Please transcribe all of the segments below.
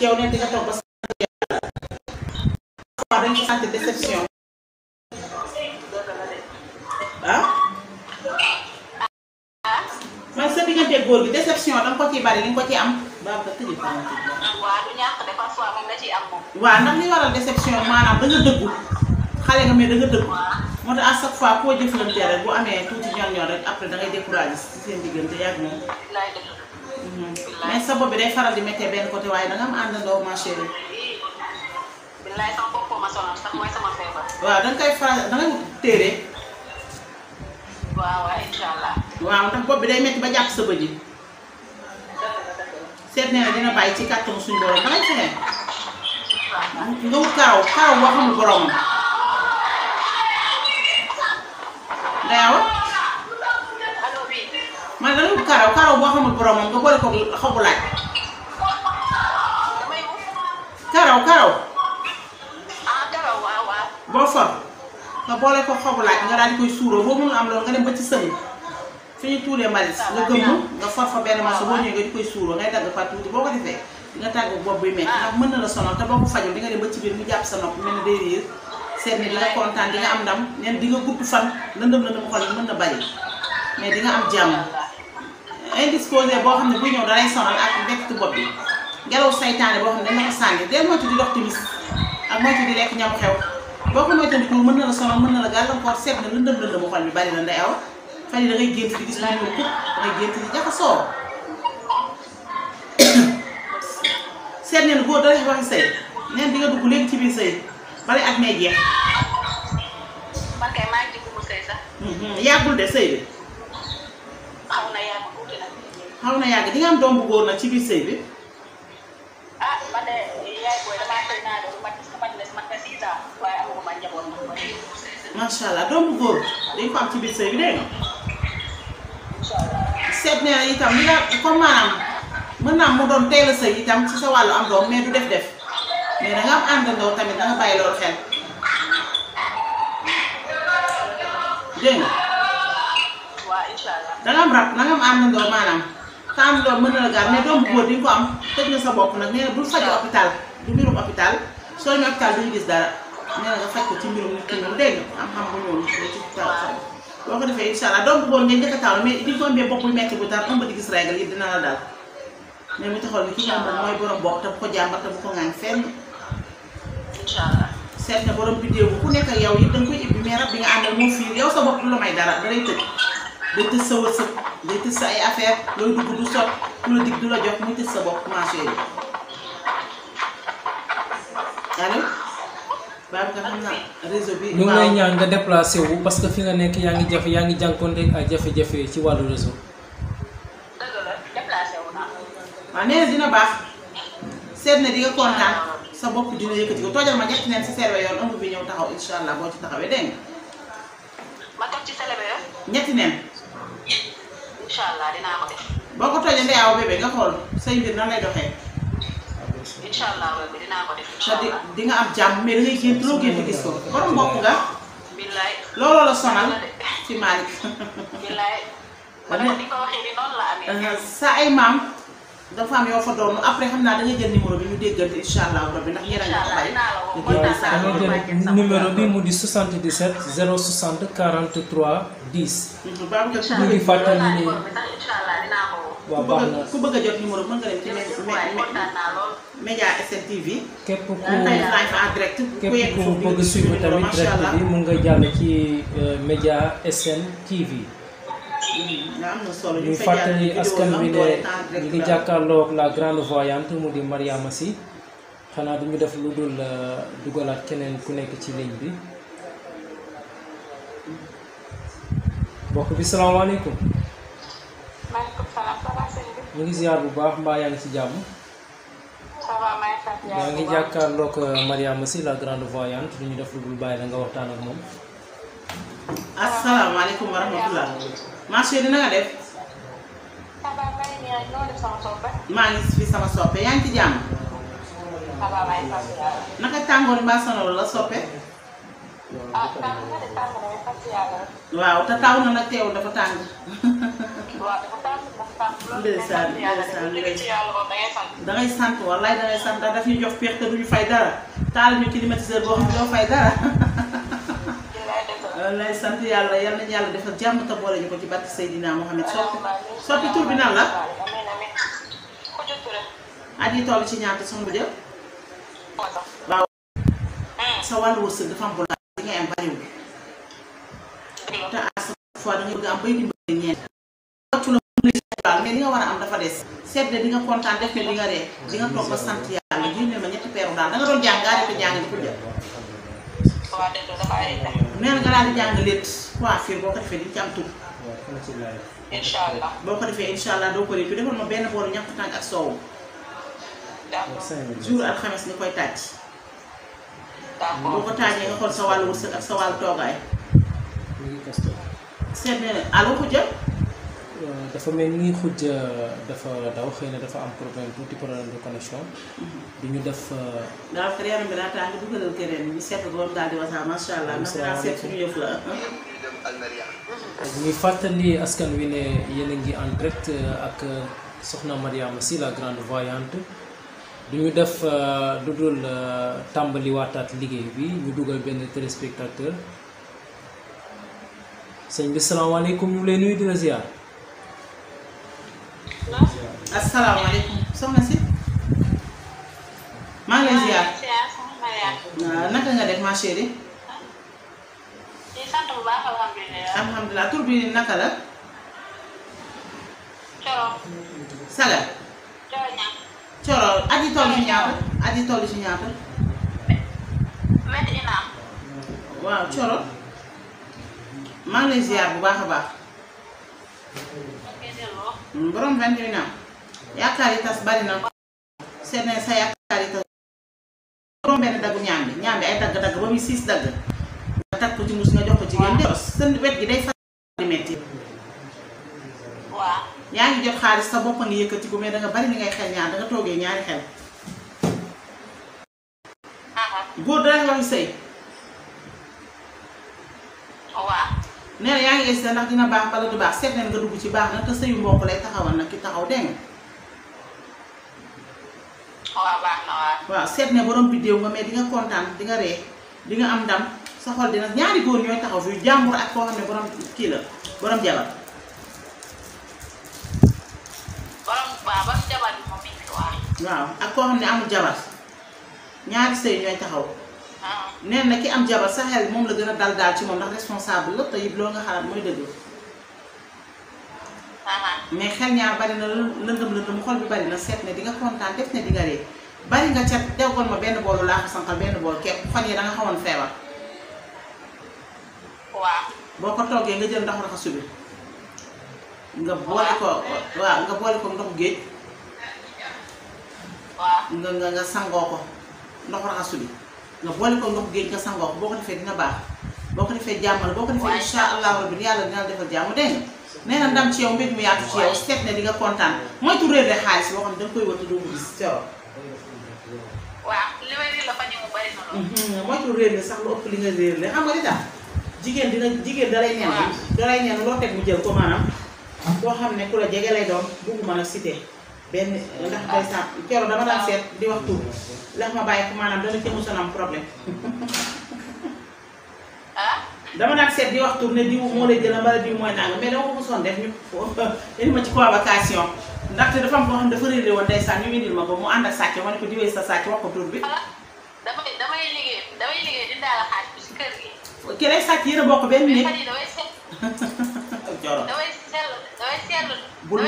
ci yow ne di nga toog ba ah? sa diggante góor gi déception da ko ciy bari li nga ko ciy am baax na tëjee baax waaw du ñàkk de parfois moom la ciy waral déception maanaam da dëggu xale nga mais da dëggu. moo tax à chaque fois koo jëflante rek bu amee tuuti ñor-ñor rek après da ngay découragé si seen diggante yàgg moom. Mm-hmm. mais sa bopp bi day faral di méttee benn côté waaye da nga am àndandoo ma waaw da nga faral da téere. waaw ndax bopp bi day métti ba jàpp sa bëj yi. seet nee na dina bàyyi ci kàttan suñu borom dangay fexe. nga wut kaaw kaaw boo xamul boromam. dayoo. man da nga karaw karaw boo xamul boromam nga boole ko xobu laaj karaw karaw ah, boo for nga boole ko xobu laaj nga daal di koy suuroo boo mënul am loolu nga dem ba ci sëñ fi ñu tuuree mbalit ah, nga gëmm nga for fa benn maso boo ah, ñëwee nga di koy suuroo ngay dagg fa tuuti boo ko defee di nga tàggu bopp buy metti ndax mën na la sonal te boo ko fajul di nga dem ba ci biir mu jàpp sa nopp mel ni day riir seet ni di kontaan di nga am ndam neen di nga gudd mën na bari mais di nga am jàmm indisposé boo xam ne bu ñëw dalay sonal ak mbégte bopp bi ngelaw saytaane boo xam ne dana ko sànni del moytu di dox timis ak moytu di lekk ñam xew boo ko moytandiku mën na la sonal mën na la gàllankoor seet na lëndëm lëndëm xol bi bari na ndey aw fan yi da ngay gént gis lu ñuul da ngay gént di jaxasoo seet neen góor dalay waxi sëy neen di nga léegi ci biir sëy bari at may jeex mm-hmm. yàggul de sëy bi xaw na yàgg di nga am doom bu góor nag ci biir sëy bi. ah allah doom bu góor dañ ko am ci biir sëy bi dégg nga. incha seet nee itam li nga comme maanaam mën naa mu doon teel a sëy itam ci sa wàllu am doom mais du def-def mais da nga am àndandoo tamit da bàyyi loolu xel. dégg nga. waaw am rab da nga am àndandoo maanaam. temps doom mën na la gaaw mais doom bu góor di ko am tëj nga sa bopp nag nee na bul faj hôpital du mbirum hôpital soo ñu hôpital duñu gis dara nee nga faj ko ci mbirum nit ki ñoom dégg nga am ko defee incha allah doom bu góor ngeen njëkk a taal mais metti bu dara ëmb di gis régal yi dina la dal mais mu taxoon ni ki mooy borom bopp te bu ko jàmbar te bu ko ŋaañ fenn incha allah seet na borom bidéew ku nekk ak yow yëpp da nga koy mais rab bi nga àndal moo fiir yow sa bopp du la may dara da lay day tës sa wërsëg day tës sa ay affaire looy du sot ku la du la jox muy tës sa bopp ma chérie allo nga xam naa bi ñu ngi lay ñaan nga déplacé wu parce que fi nga nekk yaa ngi jafe yaa ngi jànkoonte ak jafe-jafe ci wàllu réseau waaw nee dina baax seet na di nga kontaan sa bopp dina yëkkati ko toojal ma ñetti neen si serwe yoon ëmb bi ñëw taxaw incha allah boo ci taxawee dégg ñetti neen incha allah dinaa ko def. boo ko tojee ndeyaaw nga xool say mbir nan lay doxee. incha di nga am jàmm mais dangay génn trop génn gis ko borom bopp nga. looloo la sonal ci Malick. Uh-huh. sa ay maam. dafa yoo fa doon après xam jël numéro bi ñu déggante incha allah rabi ndax yéen a ngi ko bàyyi. incha allah dañoo jël di 77 baax na ñu ngi fàttali ne. waaw baax na ku bëgg a jot numéro nga dem ci Média SN TV. képp ku képp ku bëgg tamit direct bi mën nga jàll ci euh, Média SN TV. ñu fàttali askan wi ne ñu ngi jàkkaarloo ak la grande voyante mu di Mariama si xanaa du ñu def lu dul euh, dugalaat keneen ku nekk ci ligne bi mbokk bi salaamaaleykum. maaleykum mu ñu ngi bu baax mbaa yaa ngi ci jàmm. yaa ngi jàkkaarloo ak euh, Mariama Sy la grande voyante du ñu def lu dul bàyyi la nga waxtaan ak moom. asalaamaaleykum wa rahmatulah. ma chérie dina def. maa fi sama soppe yaa ngi ci jàmm. naka tàngoor mbaa la soppe. waaw te taw na nag teewul dafa tàng. ndeysaan ndeysaan da sant wallaay da sant ndax daf ñu jox pexe te du ñu fay dara taal ñu climatiseur boo xam ne doo fay dara. Euh, lay sant yàlla yal nañu yàlla defal jàmm te ñu ko ci barke Seydina Mohamed soppi soppi tur la. at yi ci ñaata soxna bu jëm. waaw. sa wàllu wërsëg dafa am bulaay li ngay am bariwul. te la mu dafa des. seet di kontaan def ne di nga ree sant yàlla génne ma ñetti peeru daal da doon jàng arrêté jàng di ko jël. nee na nga daal di jàng létt coiffure boo ko defee di ci am tur. incha allah boo ko defee incha allah doo ko réer bi defal ma benn booru ñàkk tàng ak soowu. jour alxames ni koy tàcc. boo ko tàjjee nga xool sa wàllu wërsëg ak sa wàllu toogaay. seet ne allo jël. Euh, dafa mel ni xuj euh, dafa daw xëy dafa am problème tuuti problème de connexion. Mhm. du ñu def. ndax euh, yaram bi daa tàng dugalal keneen ñu seet ko moom di wasaa macha allah. macha allah seet suñu yëf la. fàttali askan wi ne yéen a en direct ak soxna Mariama la grande voyante. du ñu def lu dul tàmbali waataat liggéey bi ñu dugal benn téléspectateur sëñ bi salaamaaleykum ñu lay nuyu di asalaamaaleykum soxna si. maa ngi lay ziar waaw naka nga def ma chérie. sant bu baax alhamdulilah. tur bi naka la. Coro. Saga. Coro ñaar. toll si ñaata aji toll si ñaata. waaw Coro. maa bu baax a baax. borom vingt et un ans yaakaar yi tas bari na seen sa yaakaar yi tas borom benn daggu ñaam bi ñaam bi ay dagg dagg ba muy six dagg nga takk ko ci mus nga jox ko jigéen de sa wet gi day fari metti yaa ngi jot xaalis sa bopp a ngi yëkkati ko danga bari ni ngay xel ñaar danga toogee ñaari xel góor danga nga sëy nee na yaa ngi essayé ndax dina baax bala du baax seet neen nga dugg ci baax na te sëyu mbokk lay taxawal nag ki taxaw dégg nga. Oh, waaw na waaw. waaw seet ne borom biddéew nga mais di kontaan di nga ree di nga am ndam sa xol dina ñaari góor ñooy taxaw fi jàmbur ak koo xam ne borom kii la borom jabar. borom waaw ak koo xam ne amul jabar ñaari sëy ñooy taxaw. neen na ki am jabar sa xel moom la gën a dal daal ci moom ndax responsable la te it loo nga xalaat mooy dëgg mais xel ñaar bari na lëndëm lëndëm xol bi bari na seet ne di nga kontaan def ne di nga bari nga ca tegoon ma benn boolu laa ko sànqal bool kepp fan yi da xawoon feebar. waaw boo ko toggee nga jël ndox raxasu bi nga boole ko waaw nga boole ko ndoxu géej. nga nga sangoo ko ndox raxasu bi. nga boole ko ndox géej nga sangoo ko boo ko defee dina baax boo ko defee jàmm boo ko defee incha allahu rabbi yàlla dina la defal jàmm dégg nga nee na ndam ci yow mbir mu yaatu ci yow nga kontaan moytu réer de xaalis boo xam ne da koy wëtt doo gis ci yow. waaw li may réer la fa ñëw bari mhm, sax lu li nga réer le xam nga li tax jigéen dina jigéen dalay neen dalay neen loo teg mu jël ko maanaam boo xam ne ku la jege lay doon bugguma la cité benn ndax day sàpp keroog dama daan seet di wax tur ndax ma bàyyi ko maanaam dana ci mosoon am problème. Ah? dama daan seet di wax tur ne diw moo lay gën a diw mooy nangam mais dama ko mosoon def ñu indi ma ci convocation ndaxte dafa am boo xam dafa réeré woon ndeysaan ñu indil ma ko mu ànd ak sàcc ma ne ko diwee sa sàcc wax ko tur bi. Ah, kër gi. sàcc yéen a bokk benn néeg. Dior. damay seetlu damay seetlu. bul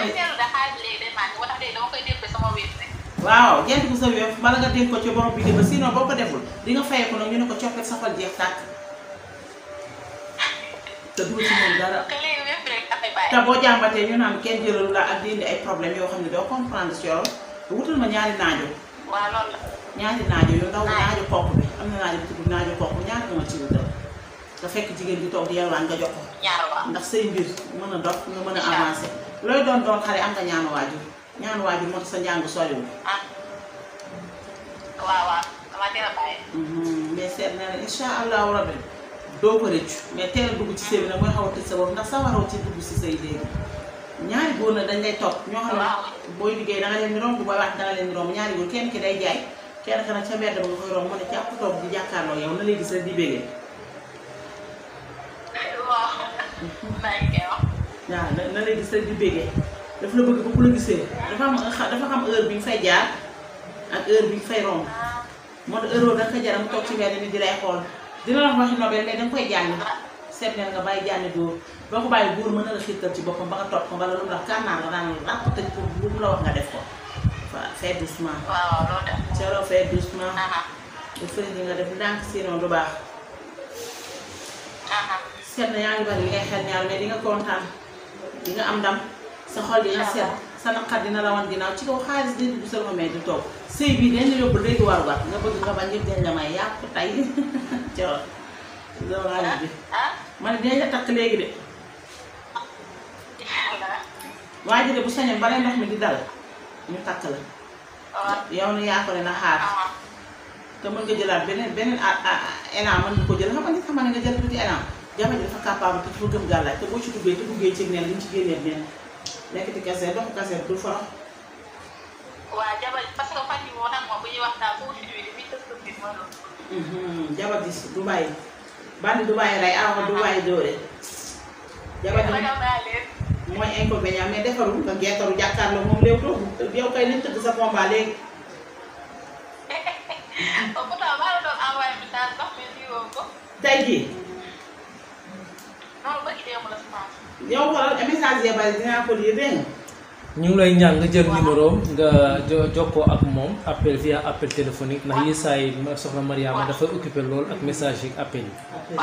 waaw jënd ko sa wéef bala nga dénk ko ci borom bi ba sinon boo ko deful di nga fayee ko nag ñu ne ko coppet safal jeex tàkk. te du ci moom dara. te boo jàmbatee ñu naan kenn la ay problème yoo xam ne doo comprendre si yoon wutal ma ñaari naajo. waaw ñaari naajo ndaw naajo kooku bi am na naajo bu kooku ñaari nga ma ci nga fekk jigéen di toog di yalwaan nga jox ko ndax say mbir mën a dox nga mën a avancé looy doon doon xale am nga ñaanu waajur ñaanu waajur moo tax sa njàng soriwul ah. waaw mhm. mais seet na ne incha allahu rabbi doo ko rëccu mais teel a dugg ci sëy bi nag mooy xaw a tëj sa sa ñaari góor na dañ lay topp ñoo xam ne booy liggéey da nga leen di romb booy wax da nga leen di romb ñaari góor kenn ki day jaay kenn ki nag ca mbedd ba nga koy romb mu ne ci toog di jàkkaarloo yow na lay gis rek bàyyi koy wax. waaw na na lay gis rek di bégee daf la bëgg ba ku la gisee dafa am dafa xam heure bi nga fay jaar ak heure bi nga fay romb moo tax heure nga di la wax nobel mais koy jàng seet nga bàyyi jàng góor boo mën na ci boppam ba ko wala lu mu la la ràpp tëj ko lu mu la wax def ko waaw doucement. waaw loolu doucement. te sëriñ nga def ndànk sinon du baax. seet na yaa ngi bari li ngay xel ñaar di nga kontaan di nga am ndam sa xol dina seet sa naqar dina la wan ginnaaw ci kaw xaalis dina dugg sa loxo mais du toog sëy bi dañ la yóbbu léegi war war nga bëgg nga bañ yëpp may yàpp tay coro loolu xaalis bi ma ne dinañ la takk léegi de waa de bu sañoon bare ndox mi di dal ñu takk la yow ni yaa ne na xaar ah. te mën nga jëlaat beneen beneen élan ah, ah, mën nga ko jël xam nga nit xam nga nga jël tuuti élan jamono dafa capable te dafa gëm gàllaaj te boo ci duggee te ci neen li ñu ci génnee neen nekk di du forox. waaw jabar parce que fan yii moo tax moom bu ñuy mooy loolu. Mhm, jabar ji du bàyyi bandi du bàyyi rey awa moom léegi toogu yow kay li ñu tëgg sa combat léegi. pourtant jii. Oh, ñu ngi lay ñaan nga jël numéro nga jo jokkoo ak moom appel via appel téléphonique ndax yi saa yi soxna Mariama dafay occupé lool ak message yi appel yi.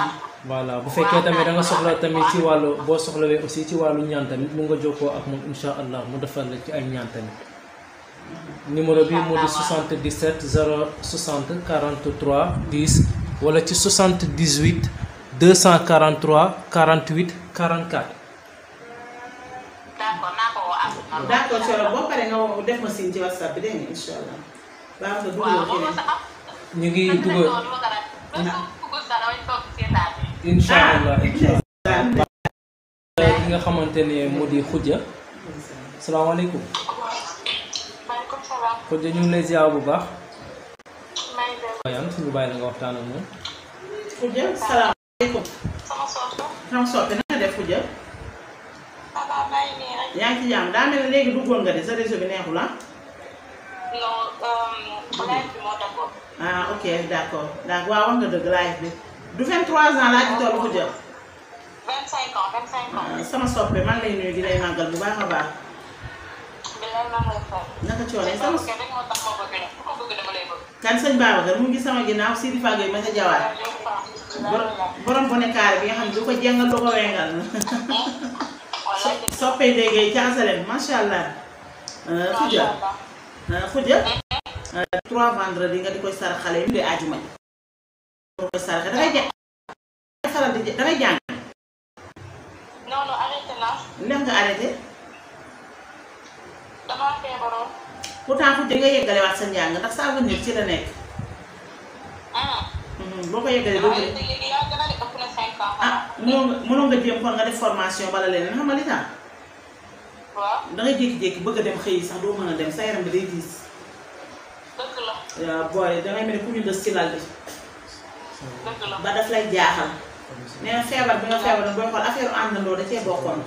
bu fekkee tamit da nga soxla tamit ci wàllu boo soxlawee aussi ci wàllu ñaan tamit mu nga jokkoo ak moom incha allah mu defal la ci ay ñaan tamit. numéro bi moo di 77 060 43 10 wala ci 78. 243 48 44. d'accord naa ko woo am. d'accord Thioro boo paree nga woo def ma signe ci whatsapp bi dégg nga incha allah. baax na dugaloo keneen ñu ngi dugal. incha ah, allah incha allah. ki nga xamante ne moo di Khoudia. salaamaaleykum. maaleykum salaam. Khoudia ñu ngi lay ziar bu baax. maa ngi lay ziar. waaye am suñu bàyyi la nga waxtaan ak moom. Khoudia salaam. sama soppe na nga def ku jël. yaa ci jàmm daa mel léegi duggoon nga de sa réseau bi neexu ah. non euh, live bi ah ok d' accord donc waaw wax nga dëgg live bi du 23 ans laa ci toll ah, sama soppe man lay nuyu di lay màggal bu baax a baax. naka coono sama kan sëñ Babacar mu ngi sama ginnaaw Sidi Fagué ma ca Jawaar. borom borom bu ne kaar bi xam ne du ko jàngal du ko wengal soppee déggee caasalem macha allah xuja euh, xuja euh, euh, trois vendredi nga di koy sarax xale yi de ajuma ji boo koy saraxee dangay jàng faral di dangay jàng nga arrêté damaa sa njàng ndax sa avenir ci la nekk ah. Mhm. boo ko yeggalee doo ko def ah mënoon nga nga jéem xool nga def formation bala leneen xam nga li tax. waaw bëgg a dem xëy sax doo mën a dem sa yaram bi day diis. dëgg la waaw booy dangay mel ni ku ñu des ci bi. ba daf lay jaaxal. nee na feebar bi nga feebar nag booy xool affaire àndandoo da cee bokkoon.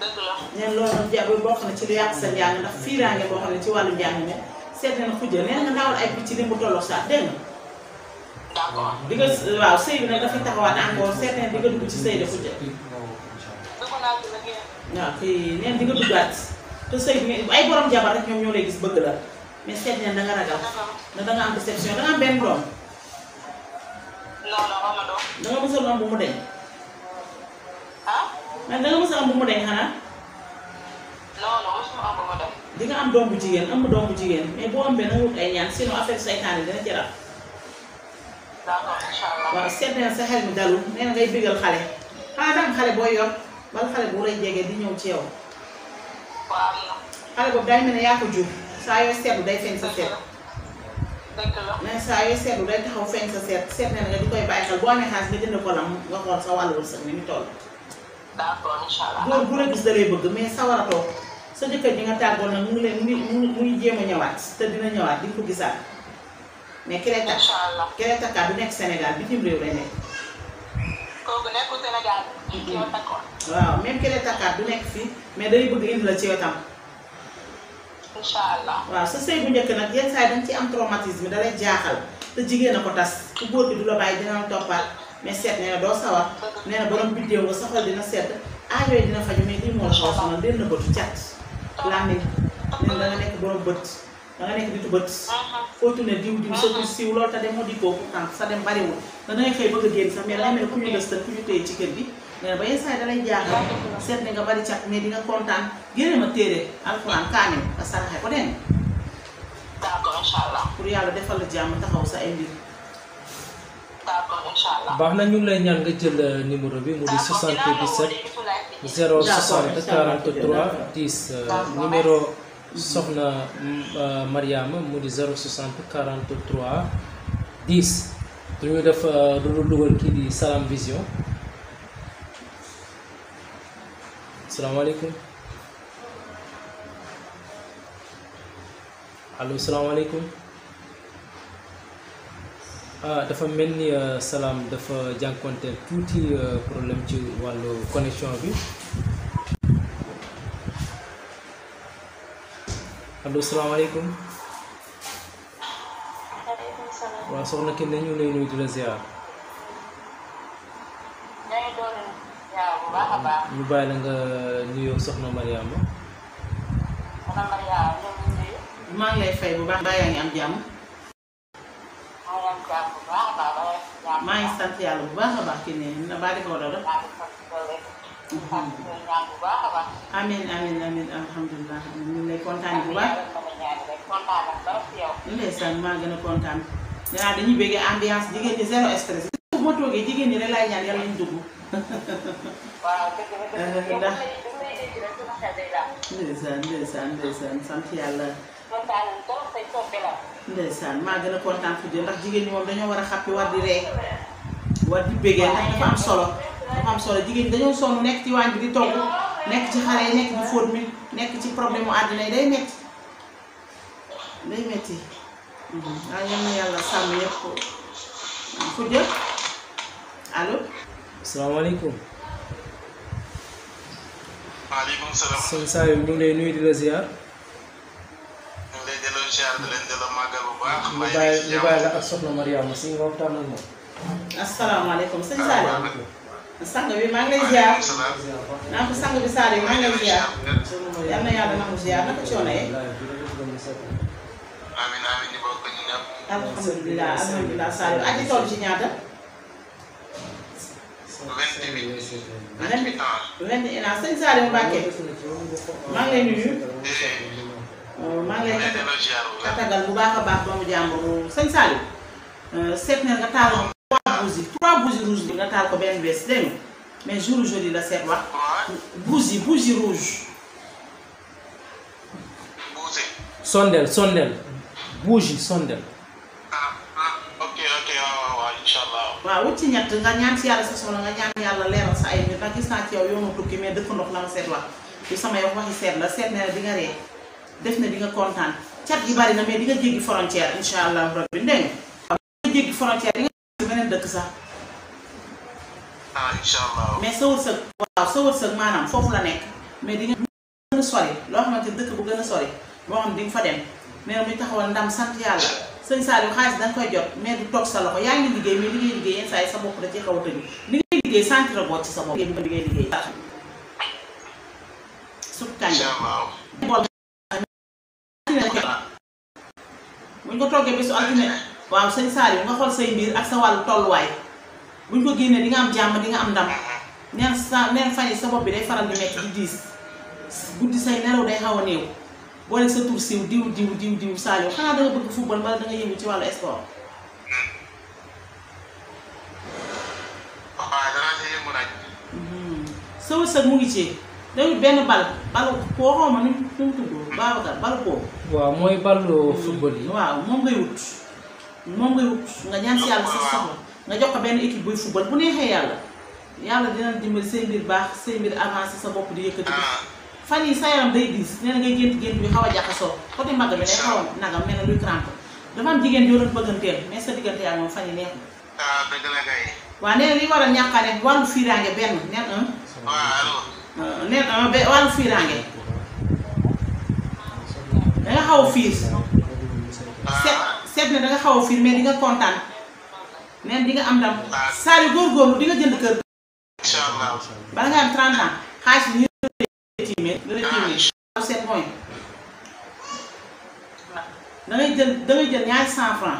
dëgg la neen loolu nag ja bokk na ci lu yàq sa njàng ndax fiiraange boo xam ne ci wàllu njàng ne seet nañu xujja nee nga daawal ay picc li mu tolloo sax d'accord di nga uh, waaw sëy bi nag dafay taxawaat encore certain di nga dugg ci sëy dafa jël. waaw kay neen di duggaat te sëy bi ay borom jabar rek ñoom ñoo lay gis bëgg la mais seet neen da nga ragal. na da am doom. bu mu deñ. Ah? a am bu mu am bu mu jigéen am doom bu jigéen mais boo am benn wut ay ñaan sinon affaire saytaane dina ci rab. waaw seet na sa xel mi dalul nee ngay bégal xale xanaa dam xale boo yor bala xale bu lay jege di ñëw ci yow xale boobu day mel yaa ko jur saa yooy seetlu day feeñ sa seet mais saa yooy seetlu day taxaw feeñ sa seet seet nee nga di koy bàyyi xel boo amee xaalis nga jënd ko lam nga xool sa wàllu wërsëg ni mu toll bu la gis da lay bëgg mais sa sa jëkkër ji nga tàggoon nag mu leen mu ngi jéem a ñëwaat te dina ñëwaat di nga ko mais Kreta. incha allah du nekk Sénégal bitim réew lay waaw même Kreta Ka du nekk fii mais day bëgg indi la ci yow tam. incha allah waaw sa sëy bu njëkk nag yenn saa yi dañ ci am traumatisme da lay jaaxal te jigéen a ko tas ku góor bi du la bàyyi dina toppal mais seet nee na doo sawar nee na borom biddéew nga dina sedd aayooyu dina faju mais lii moo la xaw sama benn bëtu cat làmmiñ nee na da nga nekk borom bët. da nga nekk nitu bët. foo tourné diw diw soogul siiw loolu te demoo dikkoo pourtant sa dem bariwul. da ngay xëy bëgg a génn sax mais lay mel ku ñu gëstal ku ñu téye ci kër gi. mais ba yenn saa yi da lay nga bari cat mais di nga kontaan génne ma téere alxuraan kaamil yàlla defal la jàmm taxaw sa ay mbir. baax na ñu ngi lay ñaan nga jël euh, numéro bi mu di 77. 060 43 10 numéro. soxna euh, mariyaama mu di 060 43 10 du ñu def euh, lu dul dugal kii di Salam Vision salaamaaleykum allo salaamaaleykum ah dafa mel ni euh, salaam dafa jànkonteel tuuti problème ci wàllu connexion bi. allo salaamaaleykum. maaleykum salaam. waaw soxna Kine ñu ngi lay nuyu di ñu bàyyi la nga nuyoo soxna Mariama. soxna maa ngi lay bu baax. a baax. maa ngi sant na baal di war a amiin amiin amiin alhamdulilah ñu lay kontaan bu baax. ndeysaan maa a kontaan. nee naa dañuy bëgg ambiance jigéen ñi zéro stress. bu ma toogee jigéen ñi rek laay ñaan yàlla ñu dugg. waaw dëgg la ndeysaan ndeysaan ndeysaan sant maa gën a kontaan fu jëm ndax jigéen ñi moom dañoo war a xàppi war di ree war di bëggee ndax dafa am solo. dafa am solo jigéen ñi nekk ci waañ bi di togg nekk ci xale yi nekk di fóot mi nekk ci problème mu àddina yi day metti day metti mhm. waaw ñoom na yàlla sàmm ngi lay nuyu di la delloo ziar ñu bàyyi la ak soxna Mariama si nga waxtaan ak moom asalaamaaleykum sëñ Saliou sang bi maa ngi naa ko sang bi Sadio maa ngi lay ziar na yàlla nangu ziar naka coono yee. alhamdulilah alhamdulilah Sadio aji toll ci ñaata. vingt huit ans. vingt huit ans sëñ Sadio Mbacke katagal eh. bu baax a baax doomu jàmbur sëñ Sadio euh, seet nga nga taaloo. aussi trois bougies rouges bi nga taal ko benn bés dégg mais jour joli la seet wax. bougie bougie rouge. bougie. sondel sondel. bougie sondel. Ah, ah, waaw wut ci ñett nga ñaan si yàlla sa soxla nga ñaan yàlla leeral sa ay mbir ndax gis naa ci tukki mais dëkk ndox la ma seet wax du sama yow waxi seet la seet ne la di ree def na di nga kontaan cat gi mais di jéggi frontière incha allah rabbi dégg nga. waaw nga jéggi frontière di nga beneen dëkk sax. ah incha allah mais sa wërsëg. waaw sa wërsëg maanaam foofu la nekk mais di nga gën a sori loo xamante dëkk bu gën a sori boo xam ne di nga fa dem mais bu ñu taxawal ndam sant yàlla sëñ Saliou xaalis dañ koy jot mais du toog sa loxo yaa ngi liggéey mais li ngay liggéey yenn saa yi sa bopp da ci xaw a tëju li ngay liggéey sant la boo ci sa bopp li ngay liggéey. suuf kànja. bu ko toggee bisu altine waaw sëñ Saliou nga xool say mbir ak sa wàllu tolluwaay buñ ko génnee di nga am jàmm di nga am ndam neen sa neen fan sa bopp bi day faral di métti di diis guddi say nelaw day xaw a néew boo nekk sa tur siiw diw diw diw diw Saliou xanaa da bëgg football wala da nga yëngu ci wàllu sport. Hmm. sa wërsëg mu ngi ci dawul benn bal balu koo nu mu tudd balu koo. waaw mooy balu football yi. waaw moom ngay wut. moom ngay wut nga ñaan si yàlla sa soxla nga jox ko benn équipe buy football bu neexee yàlla yàlla dina dimbali say mbir baax say mbir avancé sa bopp di yëkkati ko ah. fan yi sa yaram day diis nee ngay gént gént bi xaw a jaxasoo côté mbagg bi day xaw a nagam mel na luy crampe dafa am jigéen yoo bëgganteel mais sa diggante yaa moom fan yi neexul. ah dëgg la kay. waaw nee na li war a ñàkkaane wàllu fiiraange benn neen un. waaw ah, neen un ah, ba wàllu fiiraange. da nga xaw a fiir. set seet na da nga xaw a fiir mais di kontaan neen di am ndam saa yu góorgóorlu di nga jënd kër. incha allah bala nga am 30 ans xaalis bi ñu la tiimee la tiimee sept point da ngay jël jël ñaari cent franc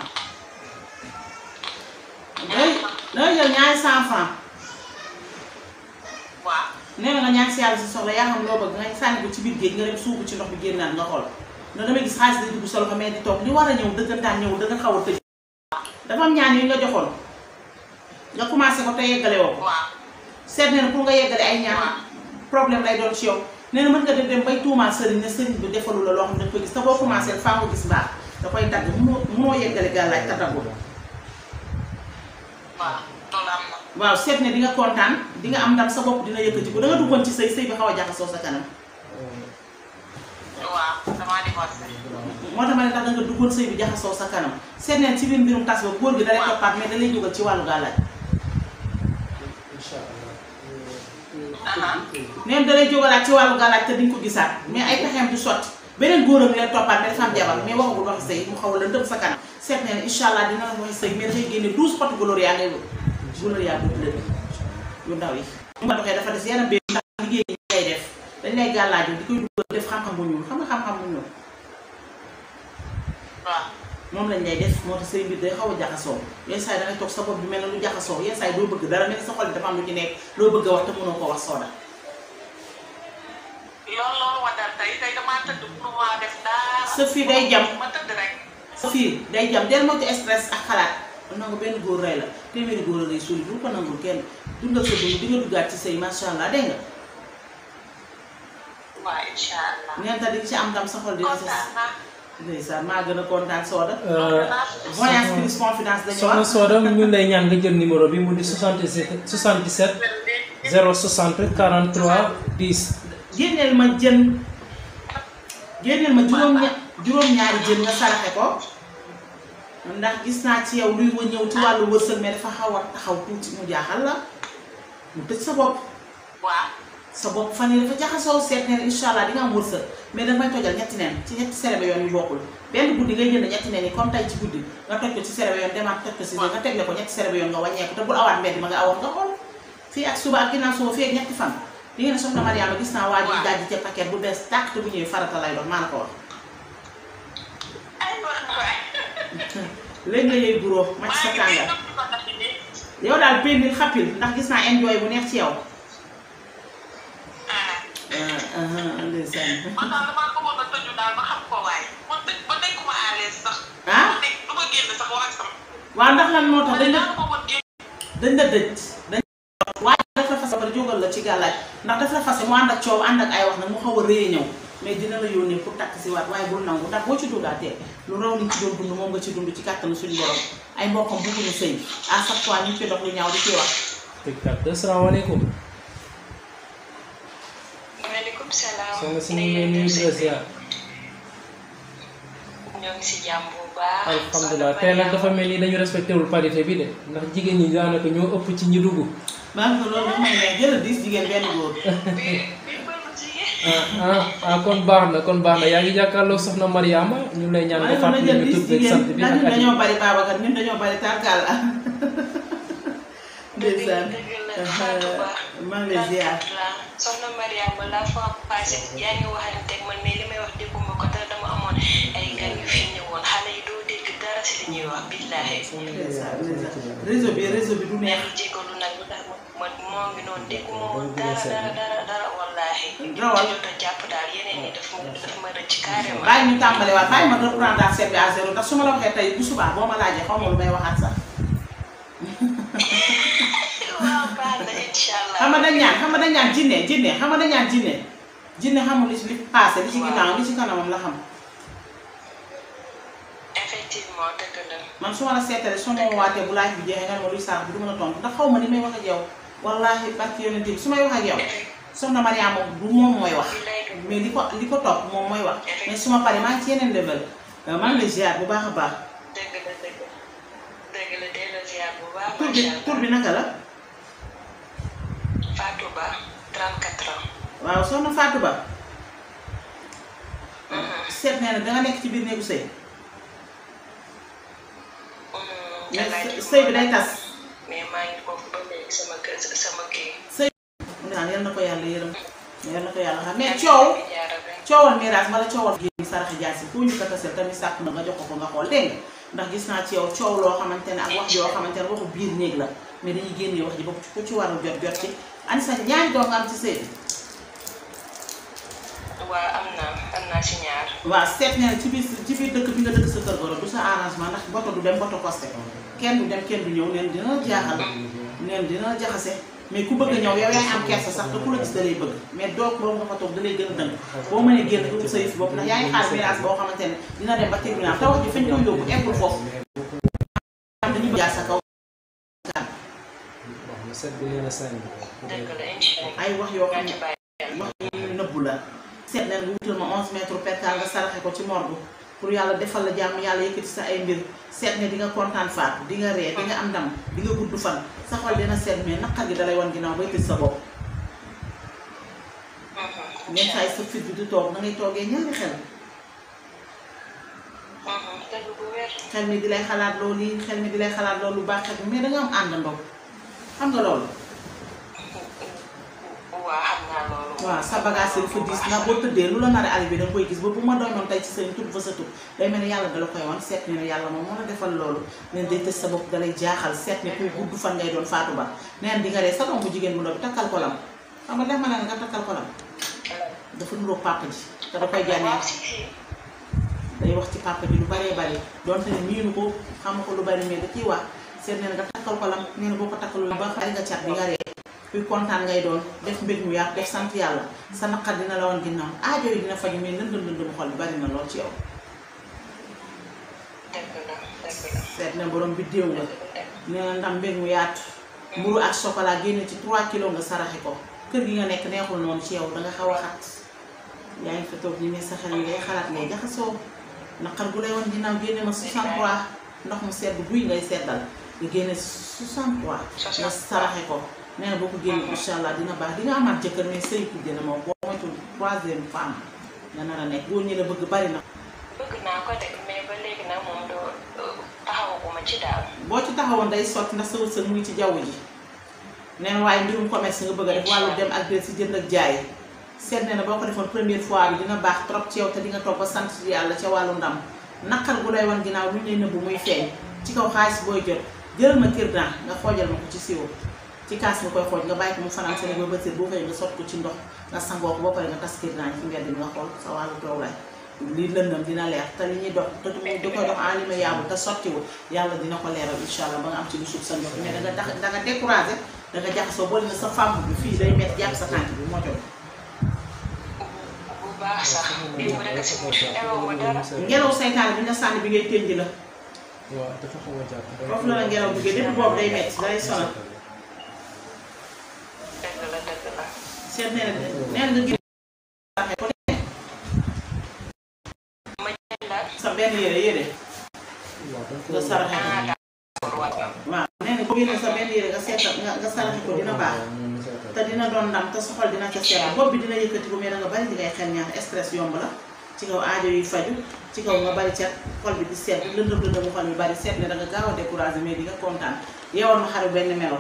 da cent franc nee na nga ñaan si yàlla si soxla yaa xam loo bëgg nga sànni ko ci biir géej nga dem suubu ci ndox bi génnaat nga xool. da damay gis xaalis day dugg sa loxo mais di toog li war a ñëw dëggantaan ñëw da nga xaw a tëj. dafa am ñaan yu nga joxoon nga commencé ko te yeggale woo ko. seet ay ñaan problème lay doon ci yow nee ne sëriñ bi defalu la loo xam ne da koy gis te boo commencé gis baax da koy dagg mënoo mënoo yeggale seet ne di nga kontaan di nga am ndam sa bopp dina yëkkati ko da nga duggoon ci sëy sëy bi xaw a jaxasoo sa kanam. waaw damaa divorcé. moo tax ma ne ndax danga duggoon sëy bi jaxasoo sa kanam seet neen ci biir mbirum tas ba góor gi da lay toppaat mais da ci wàllu gàllaaj. incha uh-huh. allah. jógalaat ci wàllu gàllaaj te duñ ko gisaat mais ay pexeem du sotti beneen góoram lay toppaat mais dafa am jabar mais waxagul waxi sëy mu xaw la ndëm sa kanam seet neen incha dina la waxi sëy mais dafay génne douze potu gulóor yaa ngay wër yaa bëgg lënd yu ndaw yi. mu ma doxee dafa des yenn béy liggéey ngay def dañ lay gàllaajal di koy dugal def xam-xam bu ñuul xam nga xam-xam bu ñuul. waaw moom lañ lay def moo tax say mbir day xaw a yenn saa yi dangay toog sa bopp bi mel na lu jaxasoo yenn saa yi doo bëgg dara mel sa xol dafa bëgg a wax te ko wax sooda. sa fii day jam ma tëdd rek. sa fii day jam del moytu xalaat. nangu benn góor rey la téeméeri góor a rey suul bu ko nangul kenn dundal sa dund di duggaat ci say macha allah waaw incha allah. neen ta di ci am ndam sa xol. kontaan naa ndeysaan maa gën a kontaan Soda. Euh, voyage plus confidence la ñu soxna lay ñaan nga jël numéro bi mu di 77 77. 060 43 10. génneel ma jën génneel ma juróom-ña juróom-ñaari jën nga saraxe ko ndax gis naa ci yow luy ñëw ci wàllu wërsëg mais dafa xaw at taxaw tuuti mu jaaxal la mu tëj sa bopp. sa bopp fan yii dafa jaxasoo seet neen incha allah di nga am wërsëg mais danga may tojal ñetti neen ci ñetti serebe yoon yu bokkul benn guddi ngay jënd ñetti neen yi comme tay ci guddi nga toj ko ci serebe yoon demaat toj ko si nga tegle ko yoon nga wàññeeku te bul awaat mbedd ma nga awoon nga xool fii ak suba ak ginnaaw suba fii ak ñetti fan li ngeen soxna Mariama gis naa waa ji dajji ca paquet bu bees tàkk te bu ñëwee farata lay doon maa la ko wax léegi nga yëy buróo ma ci sa tàngal yow daal péndil ndax gis naa enjoy bu neex ci yow ndeysaan man daal damaa ndax lan moo tax dañ la dëj dañ dafa fase ci gàllaaj ndax dafa fase mu ànd ak coow ànd ak ay wax nag mu xaw a ñëw mais dina la yónnee pour takk si waat waaye bul nangu ndax boo ci dundaatee lu raw liñ ci doon dund moom nga ci dund ci kàttanu suñu borom ay mbokkam bëgguñu sëy à chaque ñu ci dox lu ñaaw di ci wax. soxna si ñu ngi lay nuyu di la nag dafa mel ni dañu respecté wul parité bi de ndax jigéen ñi daanaka ñoo ëpp ci ñi dugg. maa ngi kon baax na kon baax na yaa ngi jàkkaarloog soxna Mariama ñu lay ñaan nga fàttali ñu tudd ak sant bi ak at yi dañoo ñun dañoo bari tàkkaal la. ndeysaan Fatou Ba. maa ngi lay ziar soxna Mariama la fois passée yaa ngi waxante ak man mais li may wax dégguma ko te dama amoon ay gan yu fi ñëwoon xale yi doo dara si li ñuy ma moo ngi a jàpp à sept bi à la ma laajee may waxaat sax. xam nga dañ ñaan xam nga dañ ñaan jinne jinne xam nga dañ ñaan jinne jinne xamul li ci li passé li ci ginnaaw ci kanamam la xam. man su ma la seetalee su ma waatee bu laaj bi jeexee nga ne ma luy saako bi du mën a tontu ndax xaw yow wallaahi barki yonent bi su may wax moom mooy wax. mais li ko li ko topp moom mooy wax. mais su ma paree maa ngi ci yeneen level. Euh, maa ngi lay bu baax a baax. dëgg la dëgg la baax. tur bi tur bi naka la. Fatou Ba 34 ans. waaw soxna Fatou Ba. Mm-hmm. seet nee na danga nekk ci biir néegu sëy. Mm-hmm. sëy bi day tas. mais maa ngi foofu ah, na ko yàlla yërëm mm-hmm. yal na ko yàlla xam mais coow. coowal miraas wala coowal génn sarax jaasi foo ñu ko taseel tamit sàkk na nga jox ko nga xool dégg nga ndax gis naa ci yow coow loo xamante ne ak wax joo xamante ne waxu biir néeg la mais dañuy génnee wax ji ba ku ci war a jot jot ci Anisa sa doom am ci sëy am na am naa ci ñaar. waaw ci biir ci biir dëkk bi nga dëkk sa kër goro du sa arrangement ndax boto du dem boto posté kenn du dem kenn du ñëw neen dina jaaxal. neen dina jaxase. mais ku bëgg a ñëw yow yaay am kersa sax ku la gis da lay bëgg mais doog boobu nga fa toog da lay gën a dëng boo mënee génn sa yëf bopp ndax yaa ngi xaar miraas boo xamante ne dina dem ba tribunal te wax ji fañ koy yóbbu eggul foofu set bi ay wax yoo xam ne wax yu nëbbu la. seet na nga wutal ma 11 mètres percal nga saraxe ko ci morgue pour yàlla defal la jàmm yàlla yëkkati sax ay mbir seet nga di nga kontaan faatu di nga ree di am ndam di nga gudd fan sa xol dina seet mais naqar gi dalay wan gi bay tëj sa bopp. ñenn mhm. saa yi sa bi du toog na ngay toogee ñaari xel. Mhm. xel mi di lay xalaat loolu yi xel mi di lay xalaat loolu baax xel mais da nga am àndandoo. xam nga loolu. waaw xam naa loolu. waaw sa bagage seen fa diis na boo tëddee lu la nar a arrivé da koy gis ba bu ma doonoon tey ci seen tur fa sa tur day mel ni yàlla dala koy wan seet ne yàlla moom moo la defal loolu nee day tëj sa bopp dalay jaaxal seet ne kuy gudd fan ngay doon faatu ba neen di nga ree sa doom bu jigéen mu ndaw bi takkal ko lam xam nga def ma ne nga takkal ko lam dafa nuroog papa ji te da koy jànnee day wax ci papa ji lu baree bari donte ne miinu ko xam lu bari mais da ciy seet nee na nga takkal ko lam nee na boo ko takkalul ba xari nga cat bi nga ree kuy kontaan ngay doon def mbég mu yàq def sant yàlla sa naqar dina la woon ginnaaw aajo dina faju mais lëndëm lëndëm bari na lool ci yow na borom bi la nee na ndam mbég mu yaatu mburu ak chocolat génne ci 3 kilo nga saraxe ko kër gi nga nekk neexul noonu ci yow danga xaw a xat yaa ngi fa toog ni ne sa xel ngay xalaat ngay jaxasoo naqar gu lay woon ginnaaw génne ma 63 ndox mu sedd buy ngay seddal nga génne 63. 63 nga saraxe ko nee na boo ko génne incha allah dina baax di nga amaat jëkkër mais sëy ku dina moom boo moytuwul troisième femme a nekk góor ñi la bëgg bari na. bëgg ci daal. boo ci taxawoon day sotti ndax sa wërsëg muy ci jaww ji nee na waaye mbirum commerce nga bëgg a def wàllu dem ak si jënd ak jaay. seet nee na boo ko defoon première fois bi dina baax trop ci yow te di nga toog ba sant yàlla ca wàllu ndam naqar gu lay wan ginnaaw lu ñu nëbbu muy feeñ ci kaw xaalis booy jot. jëlal ma kirdan nga xoojal ma ko ci siwo ci kaas nga koy xooj nga bàyyi ko mu fanaan seen ba bët set boo xëyee nga sotti ko ci ndox nga sangoo ko ba pare nga tas kirdan ci nga xool sa li lëndam dox te du ko dox en limayaabu te sottiwul yàlla dina ko leeral incha allah ba nga am ci lu suuf sa ndox mais da nga tax da nga découragé da nga jaxasoo boole sa femme bi fii day métti jàpp sa tànk bi moo jot. bu ngelaw saytaane bi bi ngay tënj la. waaw dafa a jàpp. la ngelaw bëggee depuis boobu day métti day sonal. seet nee na nee sa benn nga saraxe sa benn yére nga nga saraxe ko dina baax te dina doon ndam te soxal dina ca seetal bopp bi dina yëkkati ko mais da bari di ngay xel ñaar stress yomb la. ci kaw aajo yi faju ci kaw nga bari cat xol bi di seet lëndëm lëndëmu xol bi bari seet ne da nga gaaw a découragé mais di xaru benn melo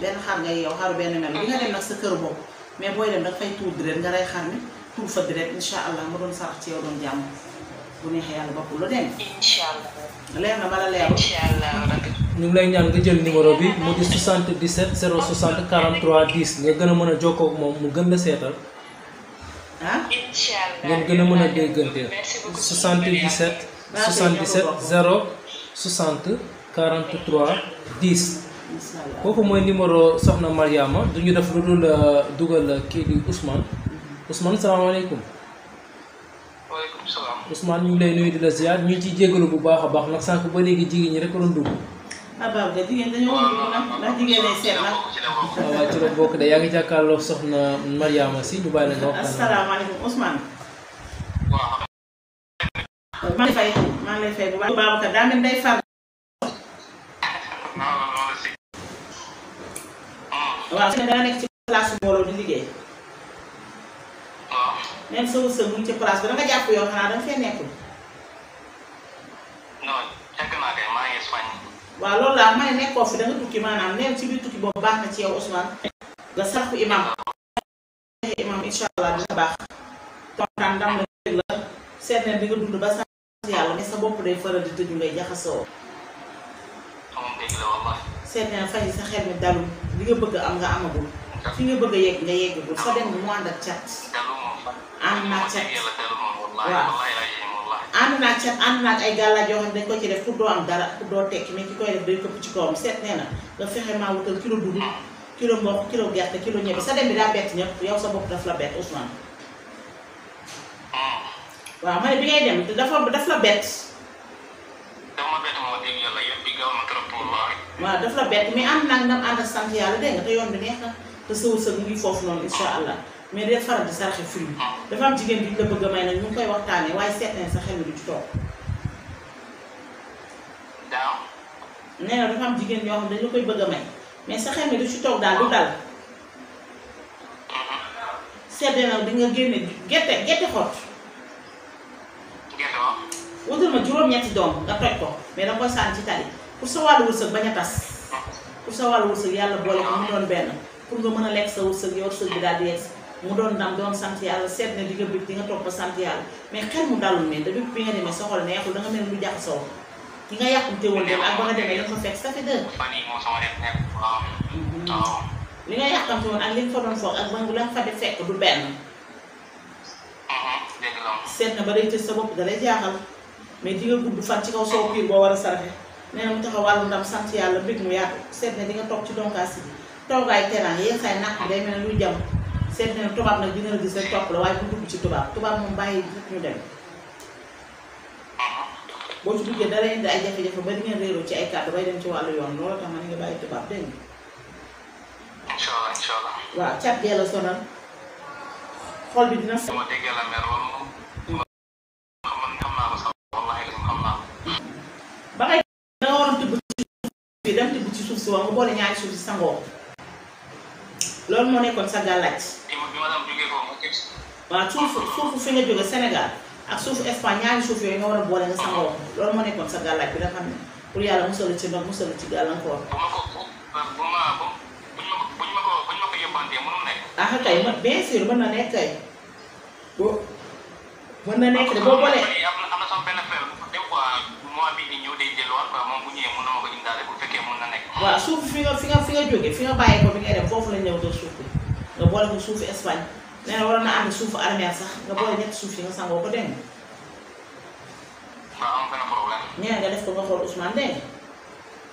benn xar ngay yeew xaru benn melo bi nga dem nag sa kër bopp mais booy dem dafay fay tuur di nga rey xar mi tuur fa di ret allah ma doon sarax ci yow doon jàmm bu neexee yàlla bopp lu dem. incha leer na ma la leerul. ñu ngi lay ñaan nga jël numéro bi mu di 77 060 43 10 nga gën a mën a jokkoo moom mu gën la seetal. ah ngeen gën a mën a déggante 77 77 0 60 43 10 kooku mooy numéro soxna Mariama duñu def lu dul euh, dugal kii di Ousmane Ousmane salaamaaleykum waaleykum salaam Ousmane ñu ngi lay nuyu di la ziar ñu ngi ciy jégalu bu baax a baax nag sànq ba léegi jigéen ñi rek doon dugg abab ah, da jigéen dañoo war a ah, ndax jigéen ay seet nag. waaw ah, waaw ci la bokk de yaa ngi jàkkaarloo soxna Mariama si ñu bàyyi la nga wax. asalaamaaleykum Ousmane. waaw. maa ngi lay fay maa ngi lay fay bu baax. Babacar daa mel day far. waaw su daa nekk ci place mbooloo di liggéey. waaw. même sa wërsëg mu ngi ci place bi da nga jàpp yow xanaa da nga fee nekkul. non fekk naa kay maa ngi Espagne. waa lool laa ma ne nekkoo fi da nga tukki maanaam neen ci biir tukki boobu baax na ci yow Ousmane nga saraxu imam imam incha allah baax kontaan ndam la dég la seet ne di dund ba sant yàlla mais sa bopp day faral di tëju ngay jaxasoo seet ne fay sa xel mi dalul li nga bëgg am nga amagul fi nga bëgg a yegg nga yegg bu fa dem mu ànd ak cat. ànd naa cat waaw ànd naa cat ànd naa ak ay gàllaaj yoo xam dañ ko ci def pour doo am dara pour doo tekk mais ki koy def day këpp ci kawam seet nee na nga fexe maa wutal kilo dugub kilo mboq kilo gerte kilo ñebe sa dem bi daa bett ñëpp yow sa bopp daf la bett Ousmane. waaw ma ne bi ngay dem dafa daf la bett. waaw daf la bett mais ànd naa nga ànd ak yàlla dégg nga te yoon bi neex na. te sa wërsëg mu ngi foofu noonu incha allah mais day faral di saraxe fruit bi dafa am jigéen bi ñu la bëgg a may nag ñu ngi koy waxtaanee waaye seet nañ sa xel du ci toog. waaw. nee na dafa am jigéen yoo xam dañ la koy bëgg a may mais sa xel du ci toog daal du dal. Uh-huh. seddee na di nga génne gerte gerte xott. wutal ma juróom-ñetti doom nga toj ko mais da nga koy sànni ci tali pour sa wàllu wërsëg bañ a tas uh-huh. pour sa wàllu wërsëg yàlla boole ko mu doon benn. pour nga mën a lekk sa wërsëg yow wërsëg bi daal di yegg mu doon ndam doon sant yàlla seet na di nga bëgg di nga topp sant yàlla mais xel mu da bi nga demee sa xol neexul da nga mel lu jaxasoo ki nga yàqute woon dem ak ba nga demee dafa fekk ça fait deux. li nga yàqante woon ak li nga fa doon foog ak ba nga fa du benn. ba day tëj sa bopp da lay mais di nga gudd fan ci kaw soo piir boo war a saraxe nee na mu taxawal ndam sant yàlla mbir mu yàqu seet na di nga toog ci donkaasi bi. toogaay teraan yenn saa yi nàkk day mel ne luy jam seet ne tubaab nag dina la gis rek topp la waaye bu dugg ci tubaab tubaab moom bàyyi rek ci duggee yoon loolu tax man nga waaw cat ci suuf si dem tibb ci suuf suuf si sangoo. loolu moo nekkoon sa gàllaaj. waaw suuf suufu fi nga jóge Sénégal ak suufu Espagne ñaari suuf yooyu nga war a boole nga sangoo loolu moo nekkoon sa gàllaaj bi nga xam ne pour yàlla musal ci ndox musal ci gàllankoor. bu ah, ma ko bu ma bu ma ko kay bien sûr mën na nekk kay. boo na nekk de boo boolee. mois bii di ñëw day delluwaat quoi moom bu ñëwee mën na ma ko indaale bu fekkee mën na nekk. waaw suuf fi nga fi nga fi fi nga bàyyi bi ngay dem foofu lañ ñëw doon suuf bi nga boole ko suufu Espagne nee waroon na ànd suufu armeel sax nga boole ñetti nga def ko nga xool Ousmane dégg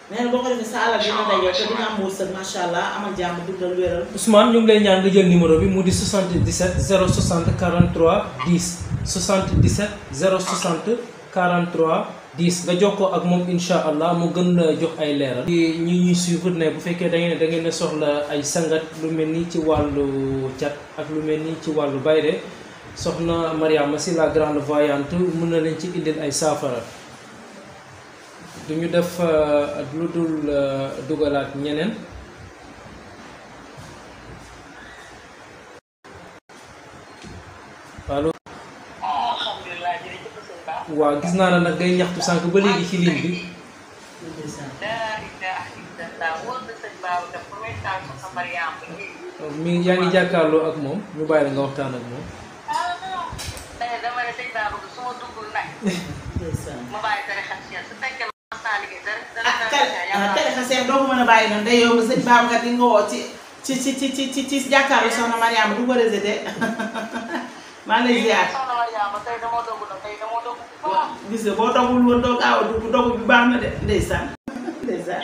nga. boo ko defee sa alal dina dajoo te dina am wërsëg macha allah amal jàmm dundal wéral. Ousmane ñu ngi ñaan nga jël numéro bi mu di 77 060 43 10 77 060. 43 10 nga jokkoo ak moom incha allah mu gën la jox ay leeral. ñi ñi ñuy suivre ne bu fekkee da ngeen da ngeen a soxla ay sangat lu mel ni ci wàllu cat ak lu mel ni ci wàllu bayre soxna Mariama si la grande voyante mun na leen ci indil ay saafara du ñu def euh, lu dul euh, dugalaat ñeneen. allo waaw gis naa ne nag ngay ñaxtu sànq ba léegi ci ligne bi. mi yaa ngi jàkkaarloo ak moom ñu bàyyi la waxtaan ak moom. ah téléxaseen doo ko mën a bàyyi noonu day yomb sëñ Babacar di nga ci ci ci ci ci ci jàkkaarloo soxna Mariama du ko rejeté maa ngi gis nga boo dogul woon dog aaw ah, dogu bi baax na de ndeysaan. ndeysaan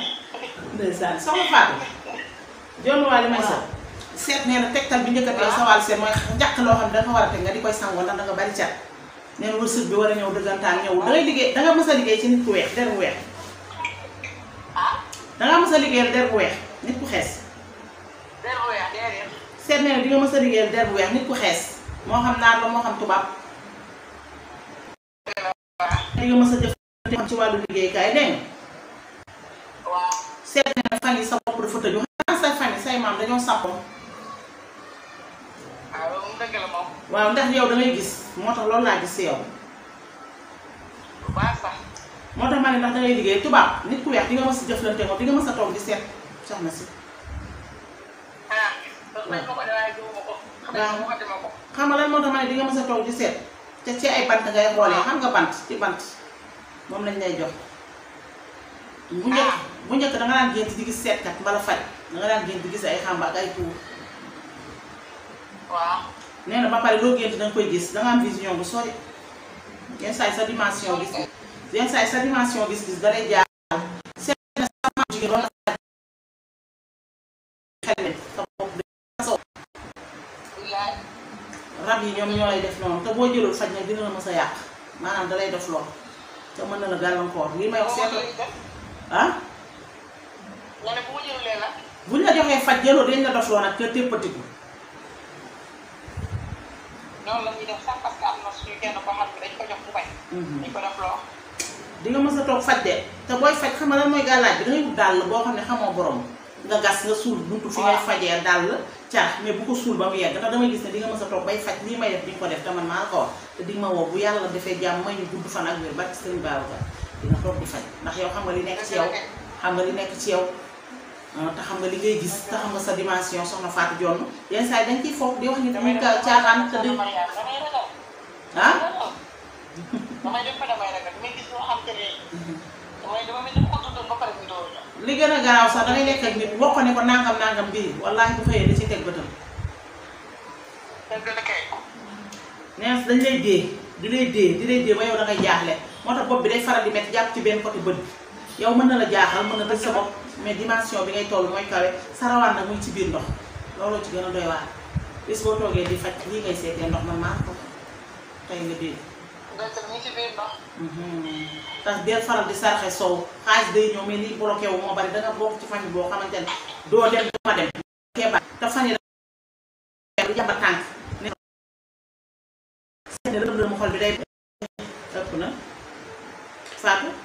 ndeysaan soxna Fatou. John Waly may sax. seet nee na tegtal bi njëkk a tey sa wàllu seet mooy njàq loo xam ne dafa war a teg nga di koy sangoo ndax danga bari cat. nee na bi war a ñëw dëggantaan ñëw dangay liggéey danga mës liggéey ci nit ku weex der bu weex. Ah? danga mës a liggéeyal der bu weex nit ku xees. der bu weex a liggéeyal der bu weex nit ku xees. moo xam naa la moo xam tubaab. li nga a ci wàllu liggéeykaay dégg nga. waaw seet na fan yi sa bopp dafa yow da gis moo tax loolu laa gis si nit ku weex di nga mës a jëflante moom di nga mës a di seet soxna si. Ah, xam nga lan moo tax ma ne di nga mës a toog di seet ci ay bant ngay xoolee xam nga bant ci bant moom lañ lay jox. bu njëkk ah. bu njëkk da daan gént di gis seetkat mbala faj da nga daan gént di gis ay xàmba ak ay tuur. waaw nee ba pare loo gént da koy gis da nga am vision bu sori yenn saa sa dimension gis yenn saa sa dimension gis-gis da lay jaar. rab yi ñoom ñoo lay def noonu te boo jëlul faj nag dina la mës yàq maanaam da lay def lool te mën na la gàllankoor lii may ah? ma jëlulee la. bu ñu la joxee faj jëlul la kër téppatiku. loolu la ñuy parce que am mhm. nga mës a toog faj de te booy faj xam nga mooy gàllaaj bi da ngay wut boo xam ne xamoo borom nga gas nga suul buntu fi ngay fajee dàll. caax mais bu ko suul ba mu yegg ndax damay gis ne di nga a toog bay faj lii may def di ko def te man maa ko wax te di nga ma woo bu yàlla defee jàmm may ñu gudd fan ak wér barki sëriñ Babacar dina toog di faj ndax yow xam nga li nekk ci yow xam nga li nekk ci yow ah, te xam nga li ngay gis te xam nga sa dimension soxna Fatou Dior yenn saa yi dañ ciy foog di wax nit muy caaxaan te di ah li gën a garaaw sax dangay nekk ak nit wax ko ne ko nangam nangam bii wallaahi bu xëyee da ci teg bëtam. nees dañ lay dee di dee di lay dee ba yow dangay jaaxle moo tax bopp bi day faral di métti jàpp ci benn côté bët bi yow mën na la jaaxal mën na tëj sa bopp mais dimension bi ngay toll mooy kawe sa rawaan nag muy ci biir ndox looloo ci gën a doy waar bis boo toogee di faj lii ngay seetee ndox ma maa ko tey nga dee. nga itam ñu del faral di sarxe sow xaalis day ñëw mais liy bloqué bari da nga bokk ci famille boo xamante ne doo dem dama dem. te fan yii dafa bi day na Fatou.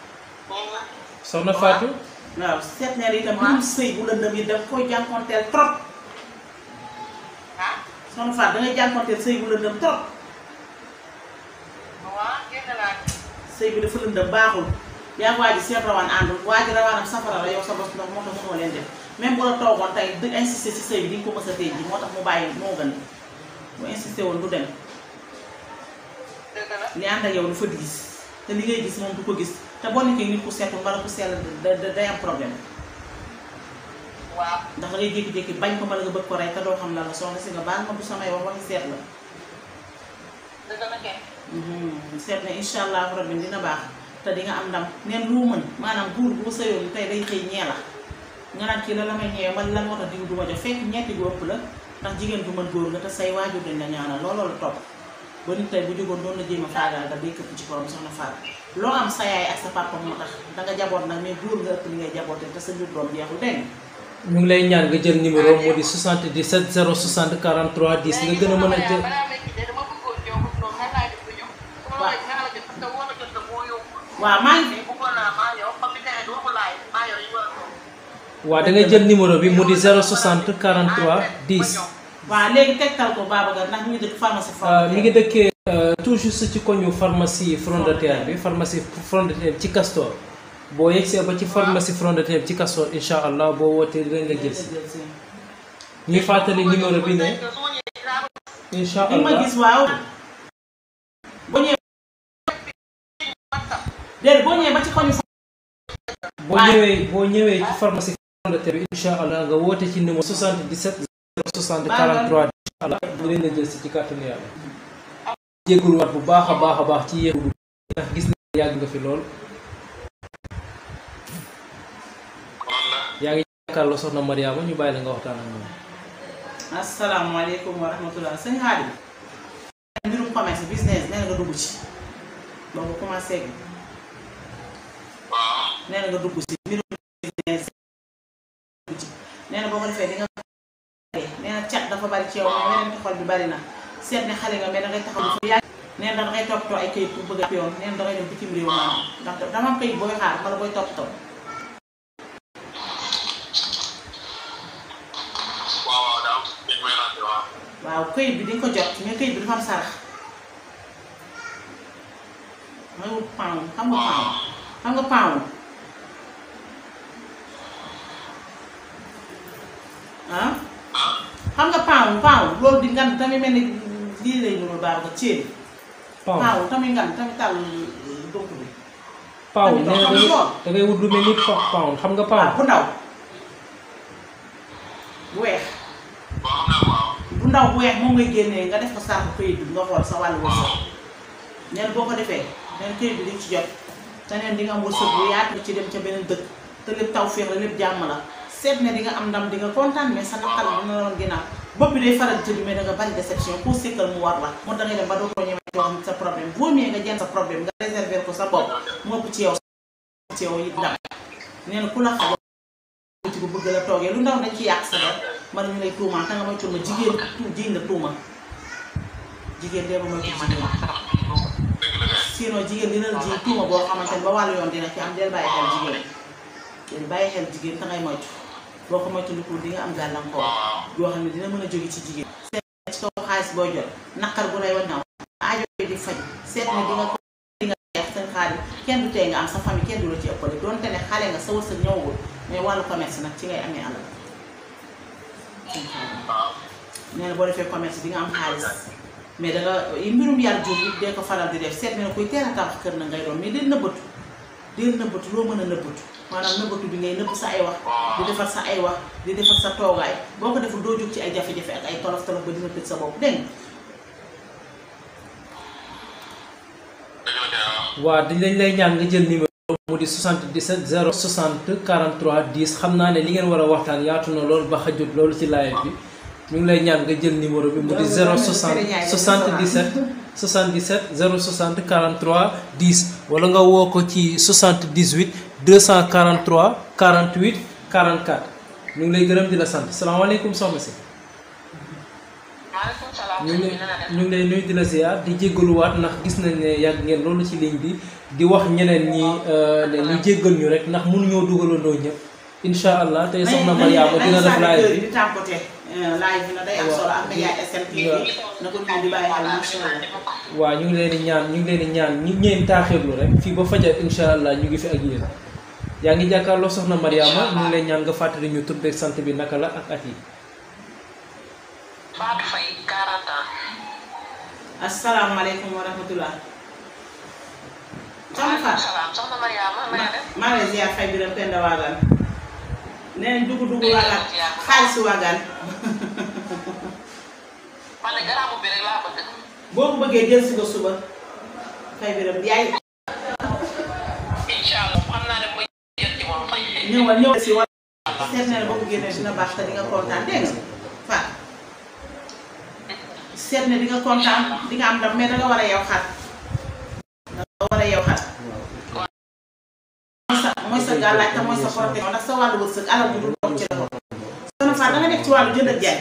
Um soxna waaw seet neer itam mbirum yi daf koy jànkonteel trop. soxna Fatou da ngay sëy bu lëndëm trop. sëy bi dafa lëndëm baaxul yaa ngi waa ji seen rawaan àndul waa ji rawaanam safara la yow sa bos ndox moo tax mënoo leen def même bu la toogoon tey di insister si sëy bi di ko mës a tey ji moo tax mu bàyyi moo gën mu insister woon bu dem li ànd ak yow lu fa di gis te li ngay gis moom du ko gis te boo nekkee nit ku seetul mbala ku sell day am problème waaw ndax da jékki-jékki bañ ko mbala nga bëgg ko rey te doo xam la soo soxna si nga baal ma bu samay wax waxi Mhm. seet na incha allahu rabbi dina baax te di nga am ndam neen lu mën maanaam buur boo sëyoon tey day xëy ñee la nga naan kii la la may ñeew man la moo tax diw ma ñetti gu la ndax jigéen bu mën góor nga te say waajur dañ la ñaanal looloo la topp ba nit tey bu jógoon doon la jéem a faagaal nga day këpp ci borom soxna faat loo am sa yaay ak sa papa moo tax danga jaboot nag mais góor nga ëpp li ngay jaboot te sa jur doom jeexul dégg ñu ngi lay ñaan nga jël numéro moo di 77 060 43 10 nga gën a mën a jël waaw dangay jël numéro bi mu di 060 43 10. waaw léegi tegtal ko Babacar ndax mi ngi dëkk pharmacie. Euh, mi ngi dëkkee euh, toujours ci pharmacie Front bi ci Castor. boo yegsee ba ci pharmacie Front de Terre ci Castor incha allah boo wootee dinañ la jël si. ñuy fàttali numéro bi ne. incha allah léegi boo ñëwee ba ci koñu. boo ñëwee boo ñëwee ci pharmacie communautaire bi incha allah nga woote ci numéro 77 060 43 incha allah bu leen la jël ci kàttanu yàlla. jégaluwaat bu baax a baax a baax ci yéegu ndax gis na yàgg nga fi lool. yaa ngi jàkkaarloo soxna Mariama ñu bàyyi la nga waxtaan moom. asalaamaaleykum wa rahmatulah sëñ Xaadim. mbirum nga dugg ci. boo ko commencé. nee na nga dugg si mbirum nee boo ko defee di nga nee dafa bari ci yow weneen ci xol bi bari na seet ne xale nga mais dangay taxaw bu fa yàgg nee na dangay toppatoo ay kayit pour a yoon dem bitim réew maam ndax dama am booy xaar wala booy toppatoo waaw këyit bi di ko jot mais këyit bi dafa am sarax mooy wut paaw xam nga paaw xam nga paawu paawu loolu di ngan tamit mel ni lii lay nuru baax nga ceeb. paawu paawu tamit ngan tamit tàll dëkk bi. paawu xam nga paawu. bu ndaw weex. bu ndaw bu weex moom ngay génnee nga def ko sànq sa wàllu wërsëg. neen boo ko defee neen këyit bi ci jot te neen di nga am wërsëg bu yaatu ci dem ci beneen dëkk te lépp taw féex la lépp jàmm la. seet ne di am ndam di nga kontaan mais sa naqar bi dina doon ginnaaw bopp bi day faral tëju mais da bari déception pour sekkal mu war la moo tax nga dem ba doo ko ñemee sa problème vaut mieux nga jël sa problème nga réserver ko sa bopp mu ëpp ci yow ci yow it ndam nee ku la xam bu bëgg la toogee lu ndaw dañ ci yàq sa bopp man ñu lay tuumaan ta nga may tuuma jigéen tu jiñ tuuma jigéen dee ba jigéen dina la ji tuuma boo xamante ne ba wàllu yoon dina ci am del bàyyi xel jigéen del te ngay moytu boo ko moytandiku di nga am gàllankoor. yoo xam ne dina mën a jóge ci jigéen. seet ci kaw xaalis booy jot naqar bu lay wanaaw aajo na di nga ko di nga xeex seen xaalis kenn du tey nga am sa famille kenn du la ci ëppale donte ne xale nga sa wërsëg ñëwagul mais wàllu commerce nag ci ngay amee alal seen xaalis nee na boo defee commerce di am xaalis mais da nga mbirum yàlla jur yi dee ko faral di def seet na ne kuy teel a tabax kër na ngay doon mais dee nëbbatu dee nëbbatu loo mën a nëbbatu maanaam bi ngay nëbb sa di defar sa ay wax di doo ci ay jafe-jafe ba dina sa bopp di lañ lay ñaan nga jël numéro mu di 77 060 43 10 xam naa ne li ngeen war a waxtaan yaatu na loolu loolu ci bi ñu ngi lay ñaan nga jël numéro bi mu di 060 77 77 060 43 10 wala nga woo ko ci 78 243 48 44 ñu ngi lay gërëm di la sant salaamaaleykum soxna si. maaleykum ñu ngi ñu ngi lay nuyu di la di jéggaluwaat ndax gis nañ ne yàgg ngeen loolu ci ligne bi di wax ñeneen ñi euh, ne ñu jéggal ñu rek ndax mënuñoo dugalandoo ñëpp incha allah tey soxna Mariama dina def euh, live bi waaw ñu ngi leen di ñaan ñu ngi leen di ñaan ñi ngeen taaxirlu rek fii ba fajar incha allah ñu ngi fi ak yéen. yaa ngi jàkkaarloo soxna Mariama ñu ngi lay ñaan nga fàttali ñu tur sant bi naka la ak at yi. Fatou Faye 40 ans. asalaamaaleykum wa Waagaan. nee nañ dugg waagaan xaalisu waagaan. man bëggee jël ko suba Faye bi yaay. ñëwal ñëw si wala. seet na boo ko génnee dina baax te di kontaan dégg nga Fatou. am ndam mais danga war a yow xat. danga war a yow xat. mooy sa mooy sa te mooy sa xorte ndax sa wàllu wërsëg alal bu dul dox ci la ko. soxna Fatou danga nekk ci wàllu jënd ak jaay.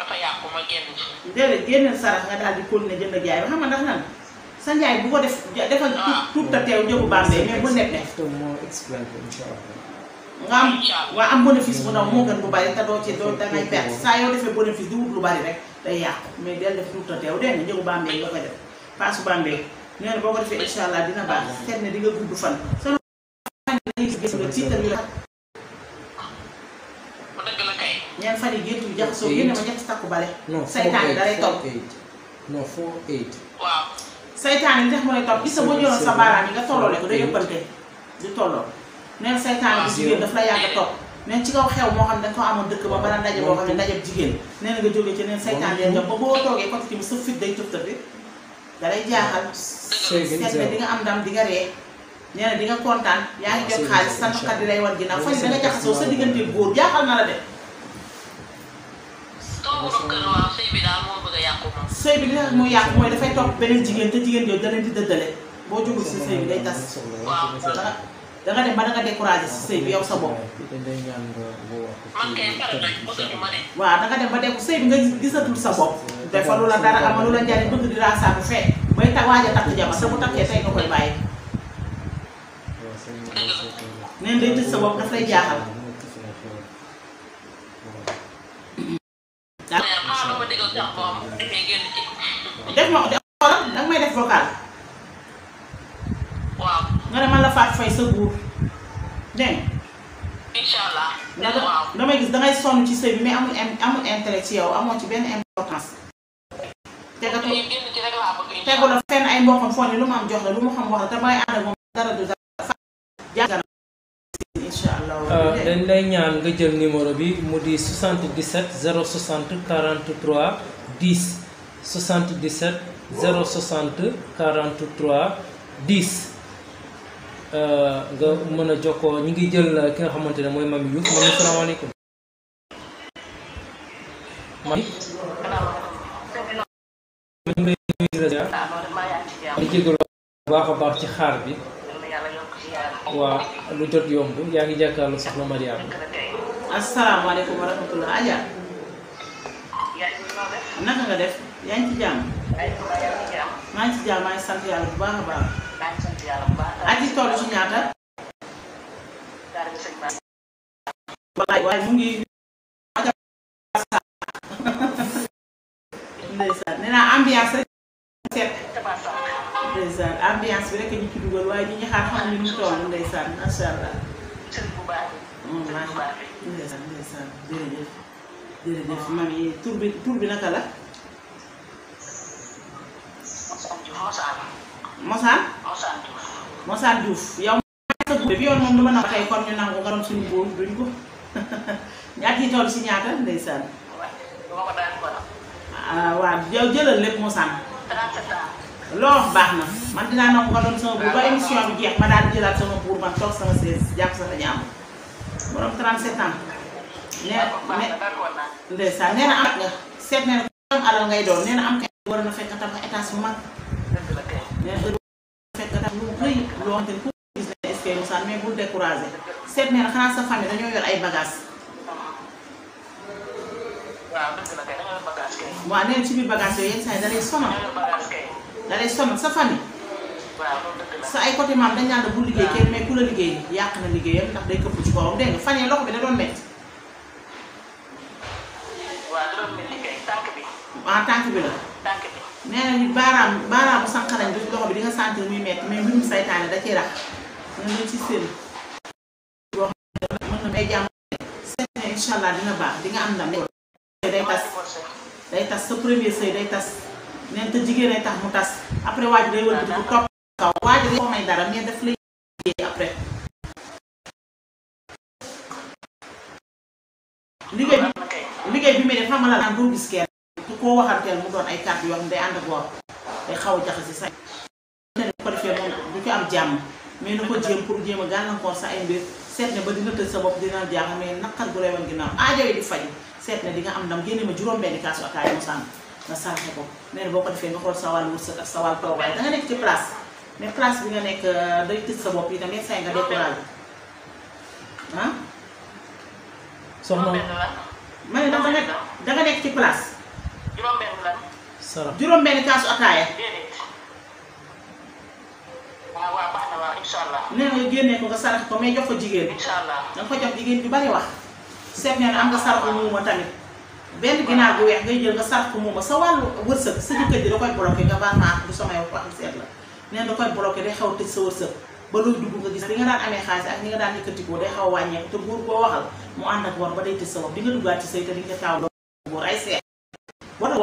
dafa yàqu sarax nga daal di continuer jënd ak jaay ba xam ndax nan. sa njaay bu ko def defal ah. tuut ta teew njëgu bàmbee mais bu nekk nga am waa am bénéfice bu ndaw mm. moo gën bu bari te doo ci doo dangay mm. perte saa yoo defee bénéfice di wut lu bari rek day yàqu mais del def tuut teew dégg njëgu bàmbee nga koy def paasu bàmbee nee boo ko defee incha allah dina baax xet mm. ne di nga gudd fan sa nga tiital la ñeen fan yi géntu jaxasoo génne ma ñetti takku bale saytaan daray topp non 4 8 saytaan yi li tax mu lay topp gis nga boo jëloon sa baaraam yi nga tolloo ko day yëppante du tolloo neen saytaan bi jigéen daf la yàgg a topp neen ci kaw xew moo xam ne da ko amoon dëkk ba bana ndaje boo xam ne ndajeb jigéen nee na nga jógee ci neen saytaan yi dem ba boo toogee côté bi sa fit day tëb tëbi da lay jaaxal seet di nga am ndam di nga ree nee na nga kontaan yaa ngi jot xaalis sa naqar di lay wan ginnaaw faj da nga jaxasoo sa diggante góor jaaxal na la de sëy bi li tax muy yàqu mooy dafay topp beneen jigéen te jigéen yooyu da leen boo jógul si sëy bi day tas danga danga dem ba danga découragé si sëy bi yow sa bopp waaw danga dem ba dégg sëy bi nga gisatul sa bopp defalu la dara amalu la njariñ bëgg di raasaabu fee bay ta waaj a takk jabar sa bu takkee tey nga koy bàyyi neen day tëj sa bopp daf lay jaaxal daal def ma ko de xoolal def vocal. nga ne man la faat fay sa guur dégg damay gis dangay sonn ci sëy bi mais amul amul ci yow amoo ci benn importance. tegatu la fenn ay mboqam foo ne lu mu am jox la lu mu xam wax la te may ànd moom dara du dara. incha allah euh, dañ lay ñaan nga jël numéro bi mu di 77 060 43 10 77 060 43 10 nga mën a jokkoo ñi ngi jël ki nga xamante ne mooy Mamy Diouf mami salaamaaleykum mami di jégalu baax baax ci xaar bi waa lu jot yomb yaa ngi jàkkaarloo soxna Mariama. asalaamaaleykum wa rahmatulah Adja. naka nga def yaa ngi ci jàmm. maa ngi yàlla bu baax baax. maa ngi ci ñaata. waaye mu ngi. ndeysaan nee naa rek ndeysaan ambiance bi rek ñu ci dugal waaye ñu ñu xam ni ñu toll ndeysaan macha allah. sëñ bu baax bi sëñ bu baax bi. ndeysaan ndeysaan tur bi tur bi naka la. Mosaan. Mosaan Diouf. Mosaan ma nga doon suñu boobu duñ ko ñaat yi toll si ñaata ndeysaan. waaw jëlal lépp Mosaan. loo wax baax na man dinaa nangu nga doon sama buur ba émission bi jeex ma daal di jëlaat sama buur man toog sama sees jàpp sama ñaam borom 37 ans. ne ndeysaan nee na am nga seet nee na borom alal ngay doon nee na am kay war na fekk tabax étage bu mag. nee na heure mais bul découragé seet nee xanaa sa famille dañoo yor ay bagaas waaw dëgg la biir bagage yooyu yenn saa yi da lay da lay sa famille. sa ay côté maam dañ naan la bu liggéey kenn mais ku la liggéey yàq na liggéeyam ndax day këpp ci kawam dégg nga fan loxo bi da doon métti. waaw da ah, bi. la. tànk bi nee na baaraamu sànqalañ bi loxo bi di nga muy métti mais mbirum saytaane da ciy rax mën nga ci seen. boo xam ne mën na jàmm seet ne incha baax di nga am ndam day tas day tas sa premier sëy day tas. neen te jigéen ay tax mu tas après waajur day wëlbati bu topp kaw waajur yoo may dara mais daf lay liggéey après liggéey bi liggéey bi muy def xam nga ku koo waxanteel mu doon ay kàddu yoo day ànd ak wor day xaw a jaxase sa ne ko defee moom du ci am jàmm mais na ko jéem pour jéem a gàllankoor sa ay mbir seet ne ba dina tëj sa bopp dina jaaxal mais naqar gu lay wan ginnaaw aajo yi faj seet ne di nga am ndam génne ma juróom-benni kaasu ataaya mu sànni nga sànq ko nee boo ko defee nga xool sa wàllu wërsëg ak sa wàllu toogaay da nga nekk ci place mais place bi nga nekk euh, day tëj sa bopp yi tamit saa nga découragé ah. soxna ma ne danga nekk danga nekk ci place. juróom nga génnee ko nga sarax ko mais jox ko jigéen. incha ko jox jigéen bi bari wax. seet nee am nga saraxu muuma tamit. benn ginaar bu weex ngay jël nga sarax ko moom sa wàllu wërsëg sa jëkkër ji da koy bloqué nga baal ma a sa wërsëg ba looy dugg nga gis li amee xaalis ak li nga daan yëkkatikoo day xaw a wàññeeku te góor boo waxal mu ànd ak war ba day tëj sa wax di nga duggaat ci say te di nga taaw loo góor ay seet war a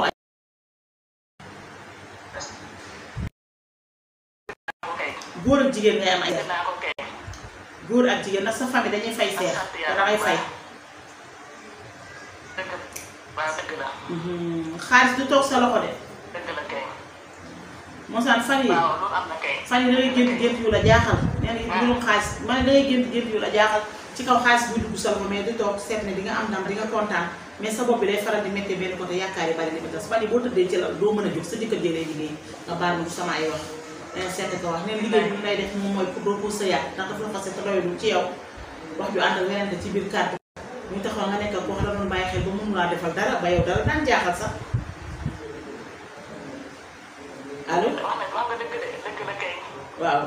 góor ak jigéen ngay am góor ak jigéen nag sa famille dañuy fay seet da fay waaw dëgg la. Mm-hmm. xaalis du toog sa loxo de. dëgg la kay. mosaan fan yi na kay. fan yi da gént gént yu la jaaxal. nee nañu mbirum xaalis ma ne da ngay gént gént yu la jaaxal ci kaw xaalis buy dugg sa loxo mais du toog seet ne di nga am ndam di nga kontaan mais sa bopp bi faral di méttee benn côté di ko tas fan yi boo tëddee ci la doo a jóg sa jëkkër jëlee liggéey nga baal ma sama ay wax. nee seet ko wax nee liggéey bi mu lay def moom mooy pour doo ko sëyaat ndax dafa la fase te doyul ci yaw wax ju àndal leneen ci biir kàddu ñu taxaw nga nekk ko mun naa defal dara ba yow dara daan jaaxal sax allo. waaw.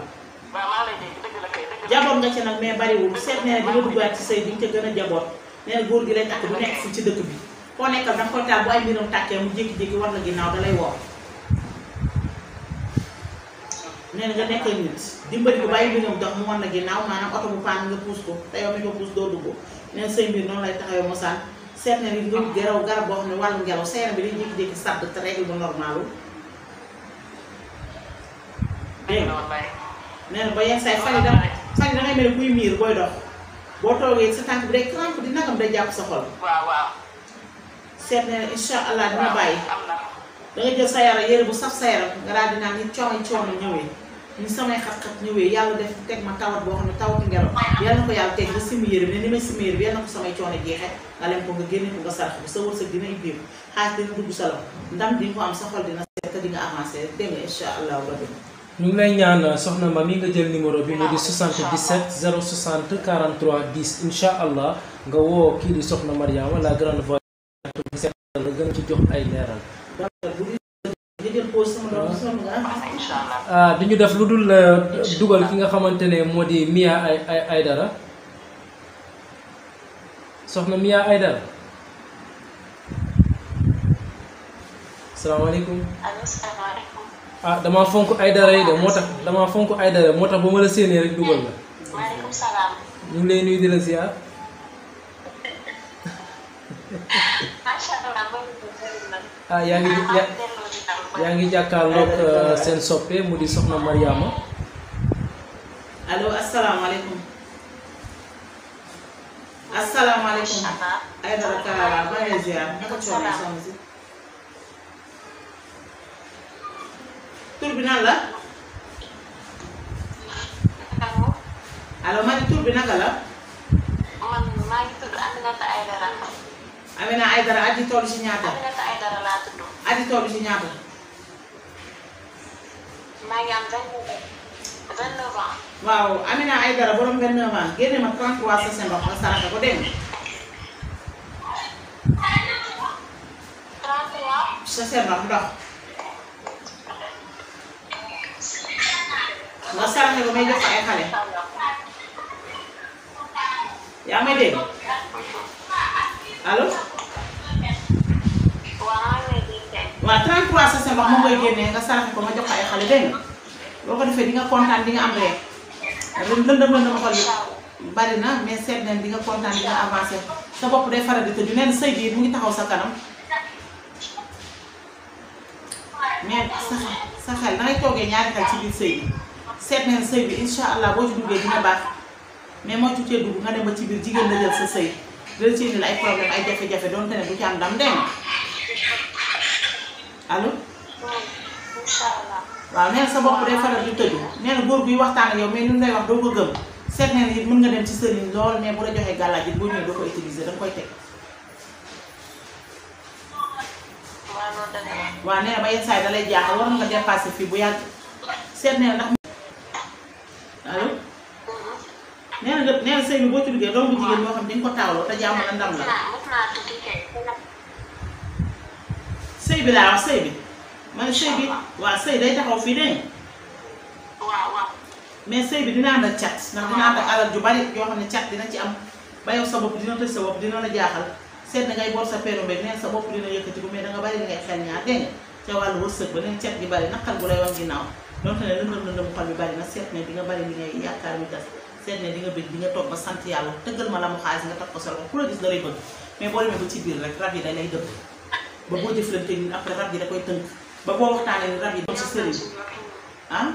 jaboot nga ci nag mais bariwul seet nee na dina duggaat ci sëy bi ñu ca gën a jaboot nee gi lay takk du bi koo nekk nit dimbali ko bàyyi mbiram dox mu war la ginnaaw maanaam oto bu paan nga puus ko te yow mi puus doo dugg nee say mbir noonu lay taxawee mosaan. seet na ni loolu geraw garab boo xam ne wàllu ngelaw sa bi day jékki-jékki sàdd te bu normalul nee ba yenn saa yi fan yi dangay mel kuy miir booy dox boo toogee sa tànk bi day crampe di nagam day jàpp sa xol waaw waaw seet na ne insha allah dina bàyyi danga jël sa yaram bu saf sa nga daal di naan coono coono ñëwee ni samay xat-xat ñëwee yàlla def teg ma tawat boo xam ne tawatu ngelaw yal ko yàlla teg ba simu yére bi ne ni may simu yére bi yal ko samay coono jeexee nga lem ko nga génne ko nga sarax bi sa wërsëg dinay biir xaalis dina dugg sa loxo ndam di ko am sa xol dina seet te di nga avancé rek dégg nga incha allahu rabbi ñu ngi lay ñaan soxna ma mi nga jël numéro bi mu di 77 060 43 10 incha allah nga woo kii di soxna Mariama la grande voix la gën a ci jox ay leeral jël pause sama ah, ah, def lu dul euh, dugal ki nga xamante ne moo di Mia ay ay Aydara soxna Mia ay salaamaaleykum. allo salaamaaleykum. ah damaa fonk Aydara yi de moo tax damaa fonk Aydara moo tax ba ma la séenee rek dugal la. ñu ngi lay nuyu di la ah yaa ngi yaa ngi jàkkaarloog euh, seen soppe mu di Soxna Mariama allo asalaamaaleykum asalaamaaleykum ay dara Kalla ba ngay ziar naka tur bi nan la allo ma tur bi naka la Amina Aydara aji toll si ñaata. Aminata Aydara laa tudd. aji toll si ñaata. maa ngi am vingt neuf ans. waaw Amina Aydara borom vingt neuf ans génne ma 33 sa seen bopp ma saraka ko dégg nga. 33. sa seen bopp ndox. nga saraka ko may jox ay xale. yaa may dégg. allo. waaw 33 sa sembax moom ngay génnee nga saraxe ko ma jox ko ay xale dégg boo ko defee di nga kontaan di nga am rek lëndëm lëndëm xol yi bari na mais seet neen di nga kontaan di avancé sa bopp day faral di tëju neen sëy bi mu ngi taxaw sa kanam mais sa sa xel da ngay toogee ñaari xel ci biir sëy bi seet nañ sëy bi incha allah boo ci duggee dina baax mais moo ci cee dugg nga dem ba ci biir jigéen la jël sa sëy. dina ci indil ay problème ay jafe-jafe doonte ne du ci am ndam dégg nga allo. waaw sa bopp day faral di tëju nee na góor waxtaan ak yow mais nun lay wax doo ko gëm nga dem ci sëriñ lool mais bu la joxee gàllaaj it boo ñëwee doo ko utiliser da nga koy teg. waaw nee ba yenn saa yi lay jaaxal war nga dépassé fii bu yàgg seet nee na ndax. allo. nee na nee na sëy bi boo ci duggee doom bu jigéen boo xam ne dañ ko taawloo te jaamu la ndam ah, la. sëy bi laa wax sëy bi. man sëy bi ah, waaw sëy day taxaw fii dégg mais sëy bi dina ànd ak cat ndax dina ànd ak ah, alal ju bari yoo xam ne cat dina ci am ba yow sa bopp dina tëj sa bopp dina la jaaxal seet na ngay bool sa peeru mbéy neen sa bopp dina yëkkati ko mais danga bari li xel ñaar dégg nga ca wàllu wërsëg ba neen cat gi bari naqal bu lay wan ginnaaw donte ne lëndëm lëndëm bari na seet ne di nga bari li ngay seet ne di nga bëgg di nga toog ba sant yàlla tëggal ma la mu xaalis nga teg ko sa loxo ku la gis da lay bëgg mais boo demee ba ci biir rek rab yi da lay dëpp ba boo jëflante ñun après yi ba boo si sëriñ ah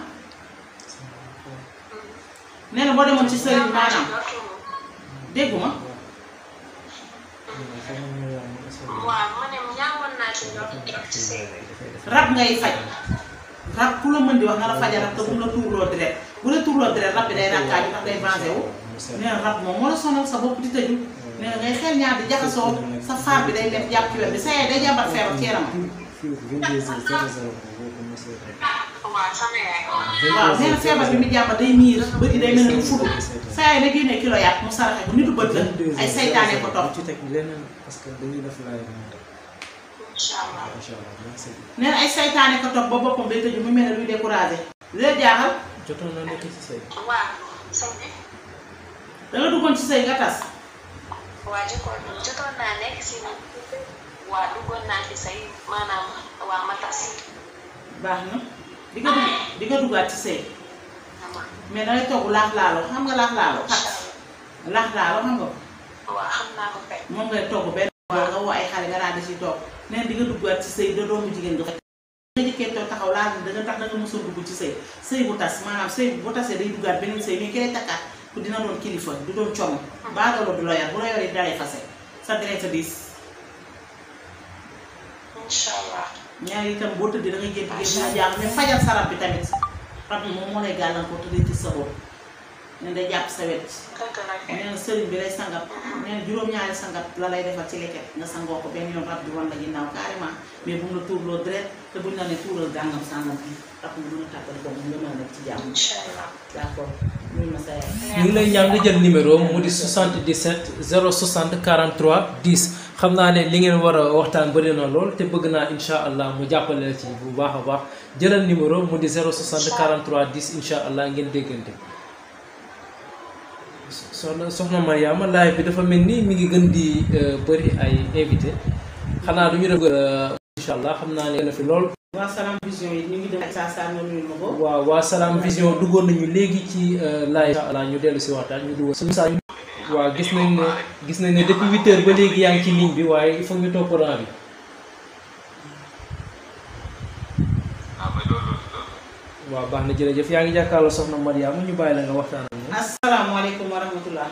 nee boo demoon ci sëriñ maanaam déggu ma rab ngay faj rab ku la mën di wax nga la fajal rab te bu la tuurloo direct day rakkaaju ndax day bi day def jàpp ci ah, feebar bi mu jàmbat day miir bëri day mel ne fulu sa yaay da génnee kilo yàpp mu saraxe bu nitu bët la ay saytaane ko topp ba boppam day tëju mu mel ne luy découragé jaaxal jotoon na nekk ci sëy. waaw duggoon ci sëy nga tas. naa nekk si waa duggoon naa ci baax na di duggaat ci sëy. mais dangay togg laax laaloo xam nga laax laaloo. xam nga ko. moom ngay togg benn. waaw nga woo ay xale nga daal di ci togg. nee na duggaat ci sëy da doomu jigéen nga nga njëkkee too taxaw da nga a dugg ci bu tas maanaam sëy bu tasee day duggaat beneen sëy mais ki dina doon kilifa du doon coono. baagaloo du la yar bu la yoree dalay fase sa deret a boo tëddee da nga jéem a sa bi tamit rab moo lay gàllankoor te day gis sa bopp. jàpp sa wet. nee sëriñ bi lay sangat. nee na juróom-ñaari sangat la lay defal ci lekket nga sangoo ko benn yoon rab bi wan la ginnaaw carrément mais bu mu la tuurloo deret te buñ lu ñu ngi lay ñaan jël numéro mu di 77 060 43 10 xam naa ne li ngeen war waxtaan bëri na lool te bëgg naa incha allah mu jàppale la ci bu baax a baax jëlal numéro mu di 060 43 10 incha allah ngeen déggante. soxna soxna Mariama bi dafa mel ni mu ngi gën di euh, bëri ay invité xanaa du ñu def. Euh, incha allah xam naa ne na fi lool. waa Salam Vision yi ñu ngi dem saa saa nga nuyu ma ko. waaw waa Salam Vision duggoon nañu léegi ci euh, laaj. incha allah ñu dellu si waxtaan ñu duggoon suñu saa ñu. gis nañ ne gis nañ ne depuis huit heures ba léegi yaa ngi ci ligne bi waaye il faut ñu bi. Ah, waaw baax na jërëjëf yaa ngi jàkkaarloo soxna Mariama ñu bàyyi la nga waxtaan ak ñoom. wa rahmatulah.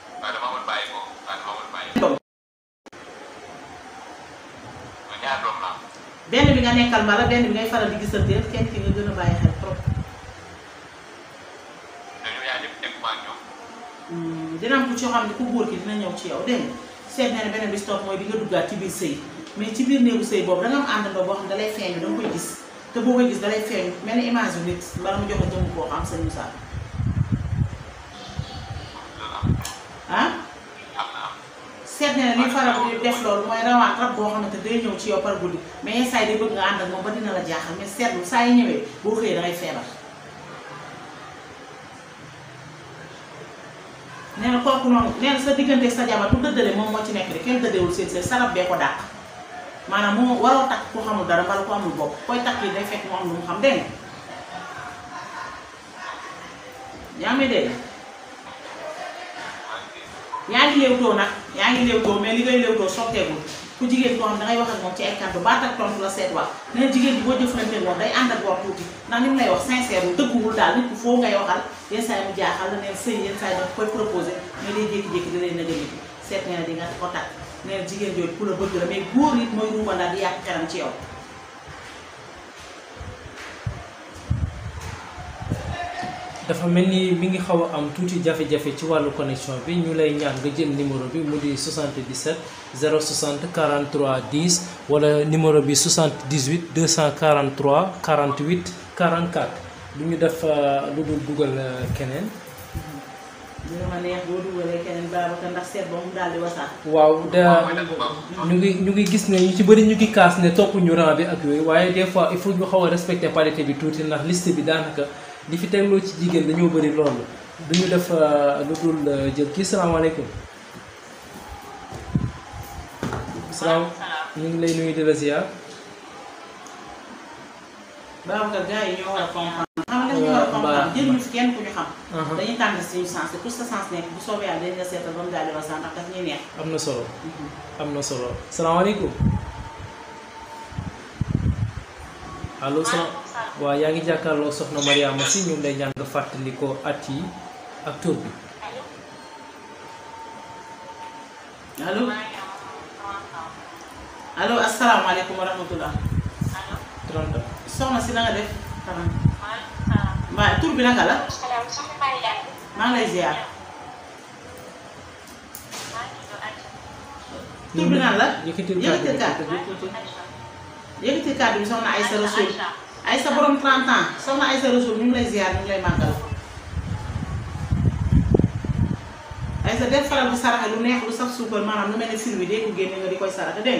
benn bi nga nekkal mbala benn bi ngay faral di gisante rek kenn ki nga gën a bàyyi xel trop. Hmm, dina ku ci xam ne ku góor ki dina ñëw ci yow dégg seet na ne bi si mooy bi nga duggaat ci biir sëy mais ci biir néegu sëy boobu da nga am àndandoo boo xam dalay lay feeñu da koy gis te boo koy gis da lay feeñu mel ni image yu nit mbala mu joxe jëmm koo xam sëñ Moussa ah. seet na ne liy faral def loolu mooy rawaat rab boo xamante day ñëw ci yow par guddi mais saa yi day bëgg nga ànd ak moom ba dina la jaaxal mais seetlu saa yi ñëwee boo xëyee da feebar. nee kooku noonu nee sa diggante sa jabar bu dëddale moom moo ci nekk de kenn dëddewul seen seen sarab bee ko dàq maanaam mu waroo takk ku xamul dara mbala ku amul bopp koy takk yi day fekk mu am lu mu xam dégg nga yaa ngi dégg yaa ngi léewtoo nag yaa ngi léewtoo mais li ngay léewtoo sotteegul ku jigéen koo xam dangay wax ak moom ci ay kàddu baat ak tontu la seet wax neen jigéen bi boo jëflantee moom day ànd ndax lay wax sincère bu dëgguwul daal nit ku foo ngay waxal yenn saa yi mu jaaxal la neen sëy yenn saa yi daf koy proposé mais day jékki-jékki da lay nëgëj seet nee na di nga ko tàkk na jigéen jooju ku la bëgg la mais góor it mooy ruubandaat di yàq xelam ci yow dafa mel ni mi ngi xaw a am tuuti jafe-jafe ci wàllu connexion bi ñu lay ñaan nga jël numéro bi mu di 77 060 43 10 wala numéro bi 78 243 48 44 du ñu def euh, lu dul dugal euh, keneen. dina ma neex boo dugalee keneen Babacar ndax seet ba mu daal waaw da ñu ngi ñu ngi gis ne ñu ci bëri ñu ngi kaas ne topp ñu rang bi ak yooyu waaye des fois il faut ñu xaw a respecter parité bi tuuti ndax list bi daanaka. li fi tegloo ci jigéen dañoo bëri loolu du ñu def euh, lu dul euh, jël kii salaamaaleykum. salaam ñu ngi lay nuyu di la ziar. nga gars yi ñoo war a comprendre. am na solo. Mhm. am na solo salaamaaleykum. waaw yaa ngi jàkkaarloo soxna Mariama si ñu lay ñaan nga fàttali ko at yi ak tur bi allo allo asalaamaaleykum wa rahmatulah. soxna si na def. mbaa tur bi naka la. maa ngi lay ziar. tur bi nan la. yëkkati bi yëkkati kàddu bi soxna Aïssa ay sa borom 30 ans ay sa Rassoul ñu ngi lay ziar ñu ngi lay màggal ay sa def faral bu saraxe lu neex lu saf suukar maanaam lu mel ne fil bi dee ko génne nga di koy saraxe de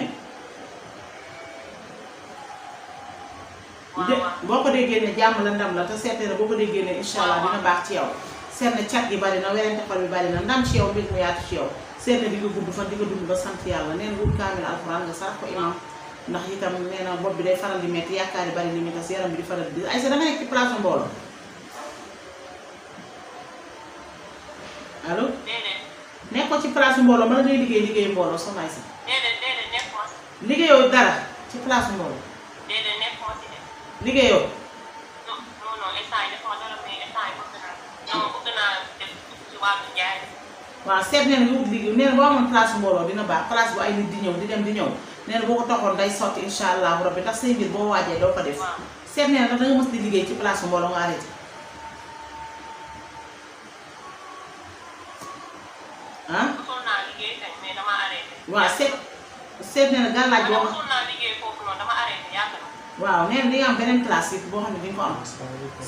nga boo ko dee génne jàmm la ndam la te seetee na boo ko dee génne incha allah dina baax ci yow seet na cat gi bari na werante xol bi bari na ndam ci yow mbir mu yaatu ci yow seet na di gudd fan di dund ba sant yàlla neen wut kaamil alxuraan nga sarax ko imam ndax itam nee na bopp bi day faral di metti yaakaar yi bari ni mu tas yaram bi di faral di ay sa dama nekk ci place mbooloo allo. nekkoo ci place mbooloo mën ngay liggéey liggéey mbooloo soxna Aïssa. liggéeyoo dara ci place mbooloo. liggéeyoo. waaw seet nee na nga wut liggéey na boo amoon place mbooloo dina baax place bu ay nit di ñëw di dem di ñëw. nee boo ko toxoon day sotti incha allah bi ndax say mbir boo waajee doo ko def. seet nee na danga mës di liggéey ci place bu mbooloo nga arrêté. ah. mosoon na gàllaaj boo. mosoon naa liggéey foofu noonu dama beneen classe it boo xam ne di nga ko am.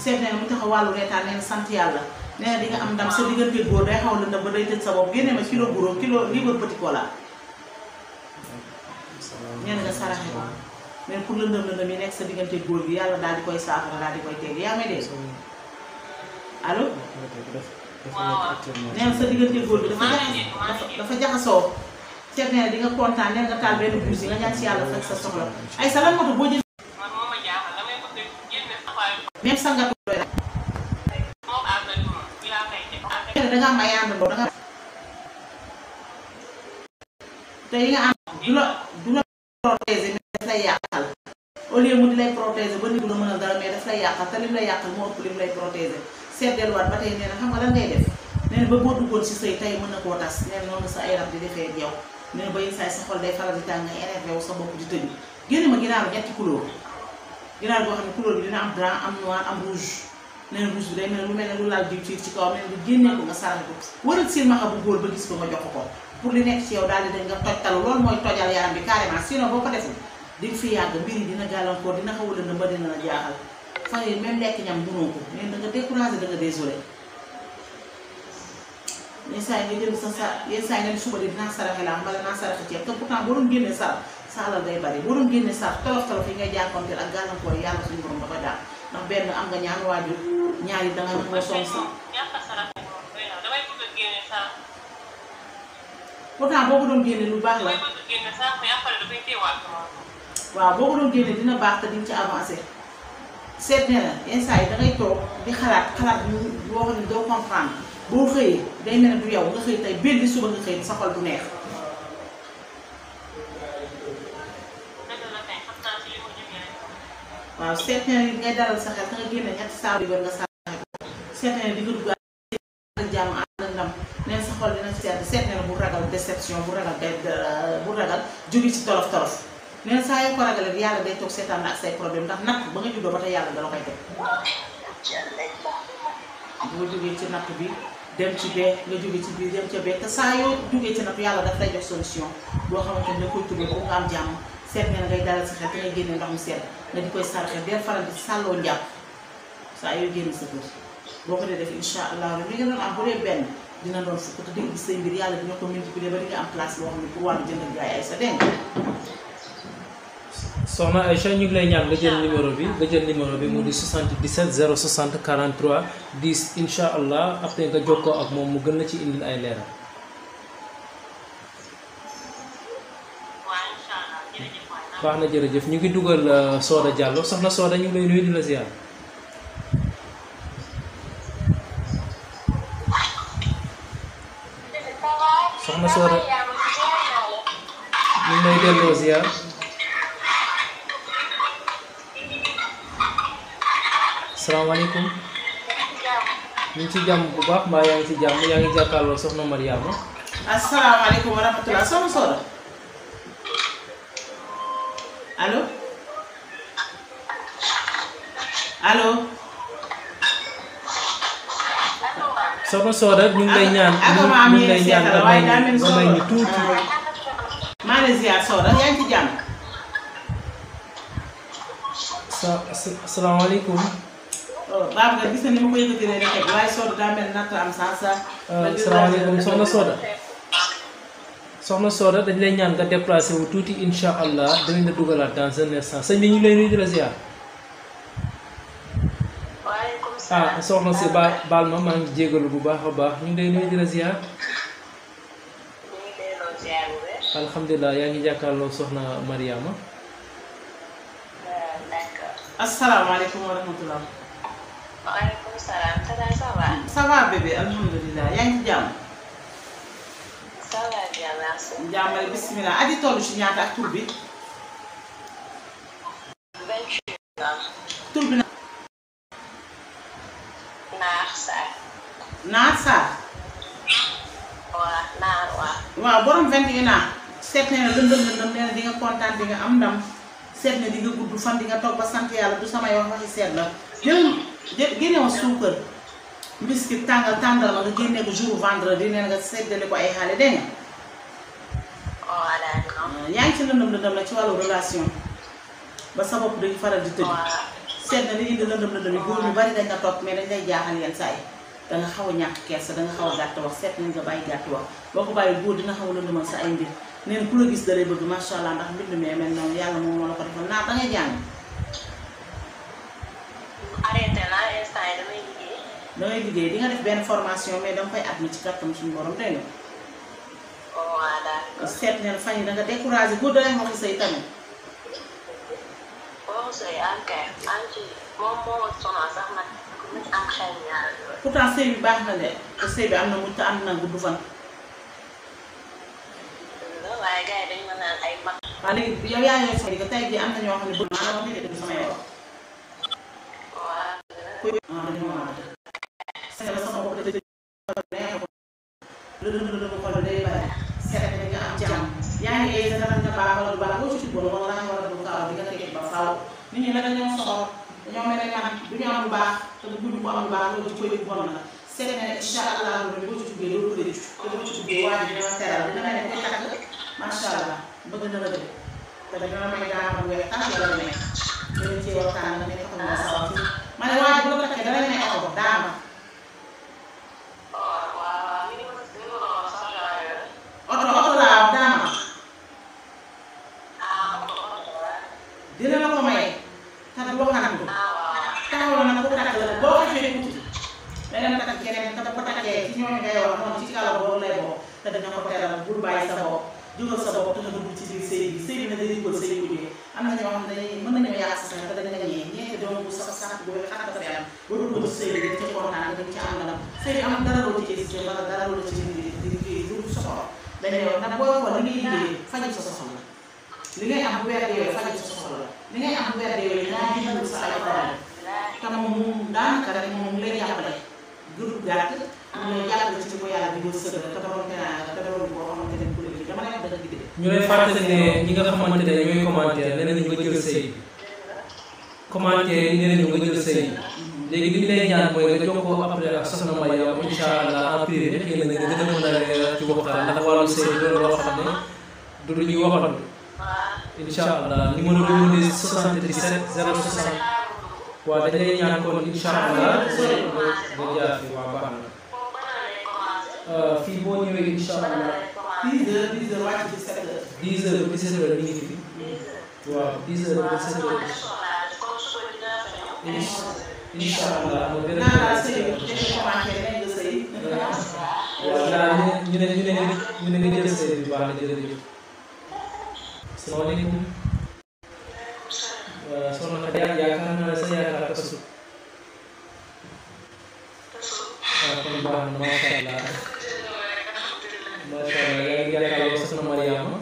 seet nee na mu taxaw wàllu reetaan nee sant yàlla. nee na di am ndax sa diggante góor day xaw la ndam ba day tëj sa bopp génne ma kilo buróom kilo livre petit cola. ñeen nga saraxe ko mais pour lëndëm lëndëm yi nekk sa diggante góor gi yàlla daal di koy saafara daal di koy teg yaa may dégg allo. neen sa diggante góor gi dafa dafa jaxasoo. teg nee di nga kontaan nga taal benn buus yi nga ñaan si yàlla faj sa soxla ay sa lan moto boo jëlee. même sangatu nga am ay te yi nga am du la du la protéger mais daf lay yàqal au lieu mu di lay protéger ba nibu la mën a dara mais daf lay yàqal te lim lay yàqal moo ëpp lim lay protéger seet delluwaat ba tey nee xam nga lan ngay def nee na ba boo duggoon si sëy tey mën na koo tas nee noonu sa ay rab di defee ak yow ba yenn sa xol day faral di tàng nga énervé wu sa bopp di tëju génne ma ginaaru ñetti couleur ginaar boo xam ne couleur bi dina am blanc am noir am rouge neen rouge bi day mel lu mel ne ci ci lu génnee ko nga sànni ko góor ba gis ko nga jox pour li nekk ci yow daal di dañ nga tojtalu loolu mooy tojal yaram bi carrément sinon boo ko deful di fi yàgg mbir yi dina gàllankoor dina xaw a lënd ba dina ko mais da nga découragé da nga désolé yenn saa yi nga jël sa sa yenn saa yi nga suba di dinaa saraxe laa mbala naa saraxe ceeb te pourtant boo doon génnee sarax sa alal day bari boo doon génnee sarax tolof tolof yi ngay jàkkoonte ak gàllankoor yàlla suñu borom dafa daal ndax benn am nga ñaar waajur ñaar pourtant boo ko doon génne lu baax la. waaw boo ko doon génne dina baax te di ci avancé. seet ne la instant yi da toog di xalaat xalaat bu boo xam doo comprendre boo xëyee day mel ne yow nga xëy tey benn suba nga xëy sa xol du neex. waaw seet ne ngay dalal sa xel nga génne ñetti saabu yu nga saabu. seet ne di nga ak jàmm ànd ndam neen sa bu ragal déception bu ragal day euh, bu ragal jóge ci tolof tolof neen saa yoo ko ragalee yàlla day toog seetaan la ak say problème ci natt bi dem ci bee nga jóge ci biir dem ca bee te saa yoo jógee ci natt yàlla daf lay jox solution boo xamante ne da koy tuddee ba nga am jàmm seet ne la ngay dalal sa xel te ngay génne ndox mi seet nga di koy saraxee del faral di sàlloo njàpp saa yoo génn sa kër boo ko dee def incha allah li nga doon am bu dee benn dina doon fukk jël numéro bi nga jël numéro bi mu di 77 060 43 10 incha allah après nga jokkoo ak moom mu gën ci indil ay leeral. baax na jërëjëf ñu ngi dugal euh, Soda Diallo soxna Soda ñu ngi lay nuyu di la ziar. soxna Soora ñu ngi lay delloo ziar asalaamaaleykum ñu ngi ci jàmm bu baax mbaa yaa ngi ci jàmm yaa ngi jàkkaarloo soxna Mariama asalaamaaleykum soxna Soda ñu ngi lay ñaan. ñu ngi lay ñaan nga may ñu nga may ñu tuuti. maa ngi lay yaa ngi ci jàmm. asalaamaaleykum. Oh, baax nga gis na ni ma ko uh, soxna Soda. dañ lay ñaan nga déplacé wu tuuti incha allah dinañ la dugalaat dans un instant sëñ bi ñu lay nuyu di ah soxna si baal baal ma maa ngi jégalu bu baax a baax ñu ngi lay di la ziar. alhamdulilah yaa ngi jàkkaarloo soxna Mariama. d'accord. asalaamaaleykum wa rahmatulah. waaleykum salaam. ça va. ça va bébé alhamdulilah yaa ngi jàmm. ça va bien bi. Naar Sarr. Naar Sarr. waaw Naar waaw. waaw borom 21 ans. seet nee na lëndëm lëndëm nee na di nga kontaan di nga am ndam seet na di nga gudd fan di nga toog ba sant yàlla du samay wax waxi seet la jël génnewoon suukar biscuit tàngal tàngal ma nga génne ko jour vendredi nee na nga seddale ko ay xale dégg nga. voilà. yaa ngi ci lëndëm lëndëm la ci wàllu relation ba sa bopp dañu faral di tëdd. seet na li indi lëndëm lëndëm yi góor ñu bari dañ la topp mais dañ lay jaaxal yenn saa yi da nga xaw a ñàkk kersa da nga xaw a gàtt wax seet nañ ko bàyyi a lëndëmal sa ay mbir neen ku la gis da lay bëgg macha allah ndax mbind mee mel noonu yàlla moom moo la ko defal naa da ngay yi liggéey. damay nga def benn formation mais danga koy admis ci kàttan suñu borom dégg nga. Oh, seet neen fan yi da nga découragé góor da say tamit. sëy ah kay ah kay moom moo woon sonal sax man am xel ñaar yooyu. pourtant sëy bi baax na de te sëy bi am na mucc am na gudd fan. waaye gars yi dañu ma naan ay mag. waaw léegi yow yaa ngi lay sori que tey jii am na ñoo xam ne bëgg naa la wax ne sama yoon. bu amal baax la jikko yu bon la Sénégal incha allah loolu boo ci tuddee loolu la rëccu te boo ci tuddee waa ji dama ne ko takk macha allah bëgg na la dem te dañoo may daanaka ngay tax la la neex dinañ cee waxtaan nga ma ne waa ji boo ko wàccee ci ñoom ngay wax moom ci te sa bopp dugal sa bopp dina dugg ci biir sëy bi sëy bi na dañuy ko am na ñoo xam ne dañuy mën nañoo yàq sa te dañ la yee ñeenti nga fee am boo ci sëy bi dañ ci kontaan dañ ci am ndam sëy bi am dara loo sa weer yooyu fajal sa soxla li ngay am bu weer yooyu daa ñëw sa ay problème te moom daanaka rek moom am na yàlla ci ñu sëgal te doon fàttali ne ñi nga xamante ne ñooy commentaire nee nañu nga jël sëy commentaire yi nee nañu nga jël sëy léegi li ñu lay ñaan mooy nga jokkoo après ak soxna Mbaye yow incha allah en privé rek yéen a nga gën a mën a ci waxtaan ndax wàllu sëy doon loo xam ne du lu ñuy waxoon incha allah numéro bi di 77 060 waaw dañ lay ñaan kon incha allah nga jaar waa baax na Uh, fii boo ñëwee incha allah. 10 heures 10 heures wàcc ci 7 heures. 10 heures ba 17 heures ñu ngi fi. waaw 10 heures ba 17 heures. incha incha allah. waaw ñu ne ñu ne ñu ne nga jël sëy bi baax na jërëjëf. salaamaaleykum. soxna Fatou yaa yaakaar naa sa yaakaar ak a sut. waaw ah, kon baax na macha allah. macha allah yaa ngi jàkkaarloo soxna Mariama.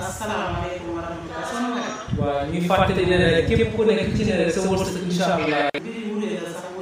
asalaamaaleykum wa rahmatulah sama mbokk. waaw ñu fàttali ne rek képp ku nekk ci ne rek sa wërsëg incha allah.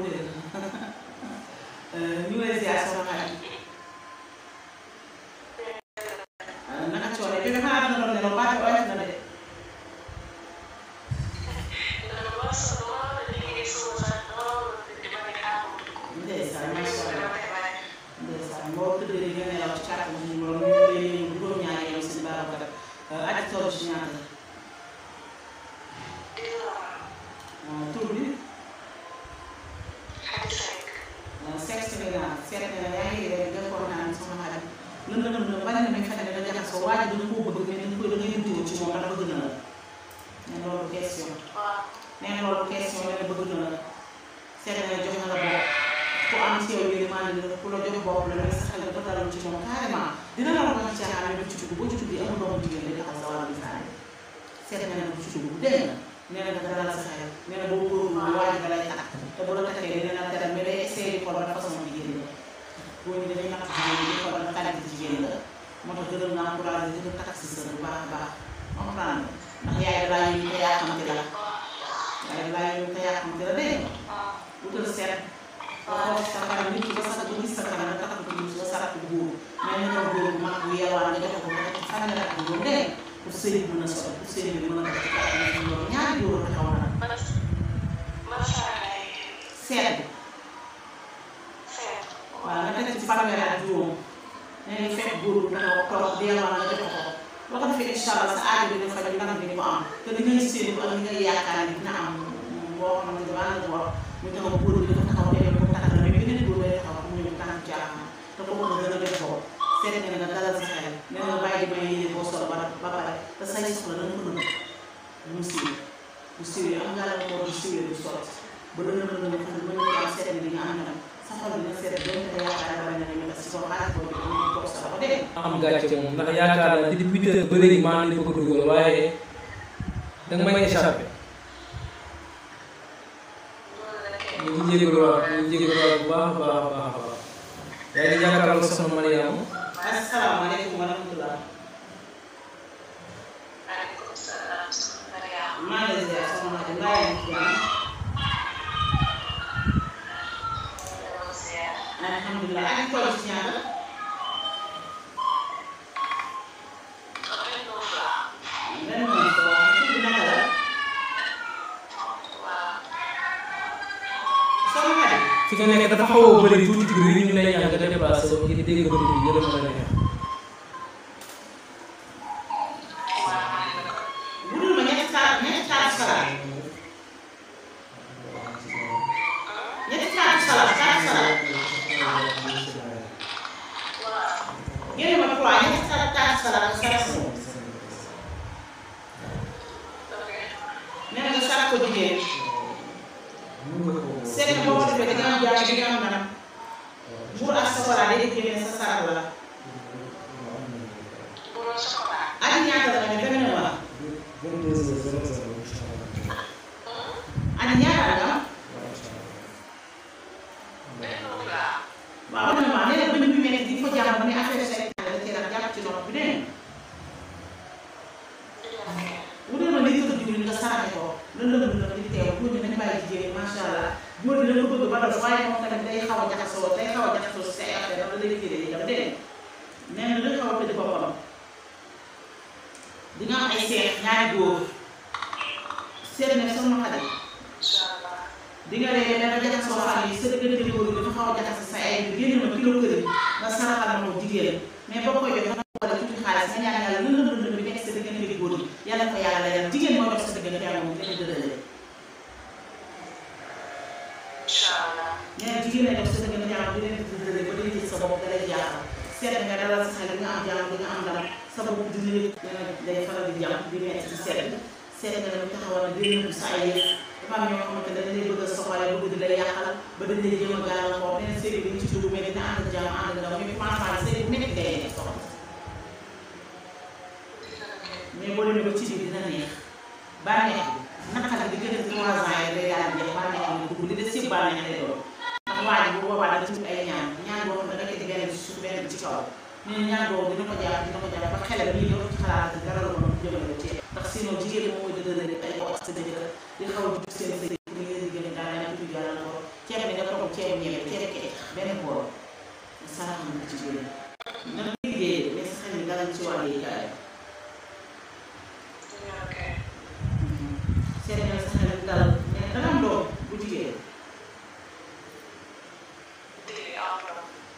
ci nekk dafa xaw a bëri tuuti bi ñu lay ñaan nga déplacé ngir dégg nga dégg bi gën a mën a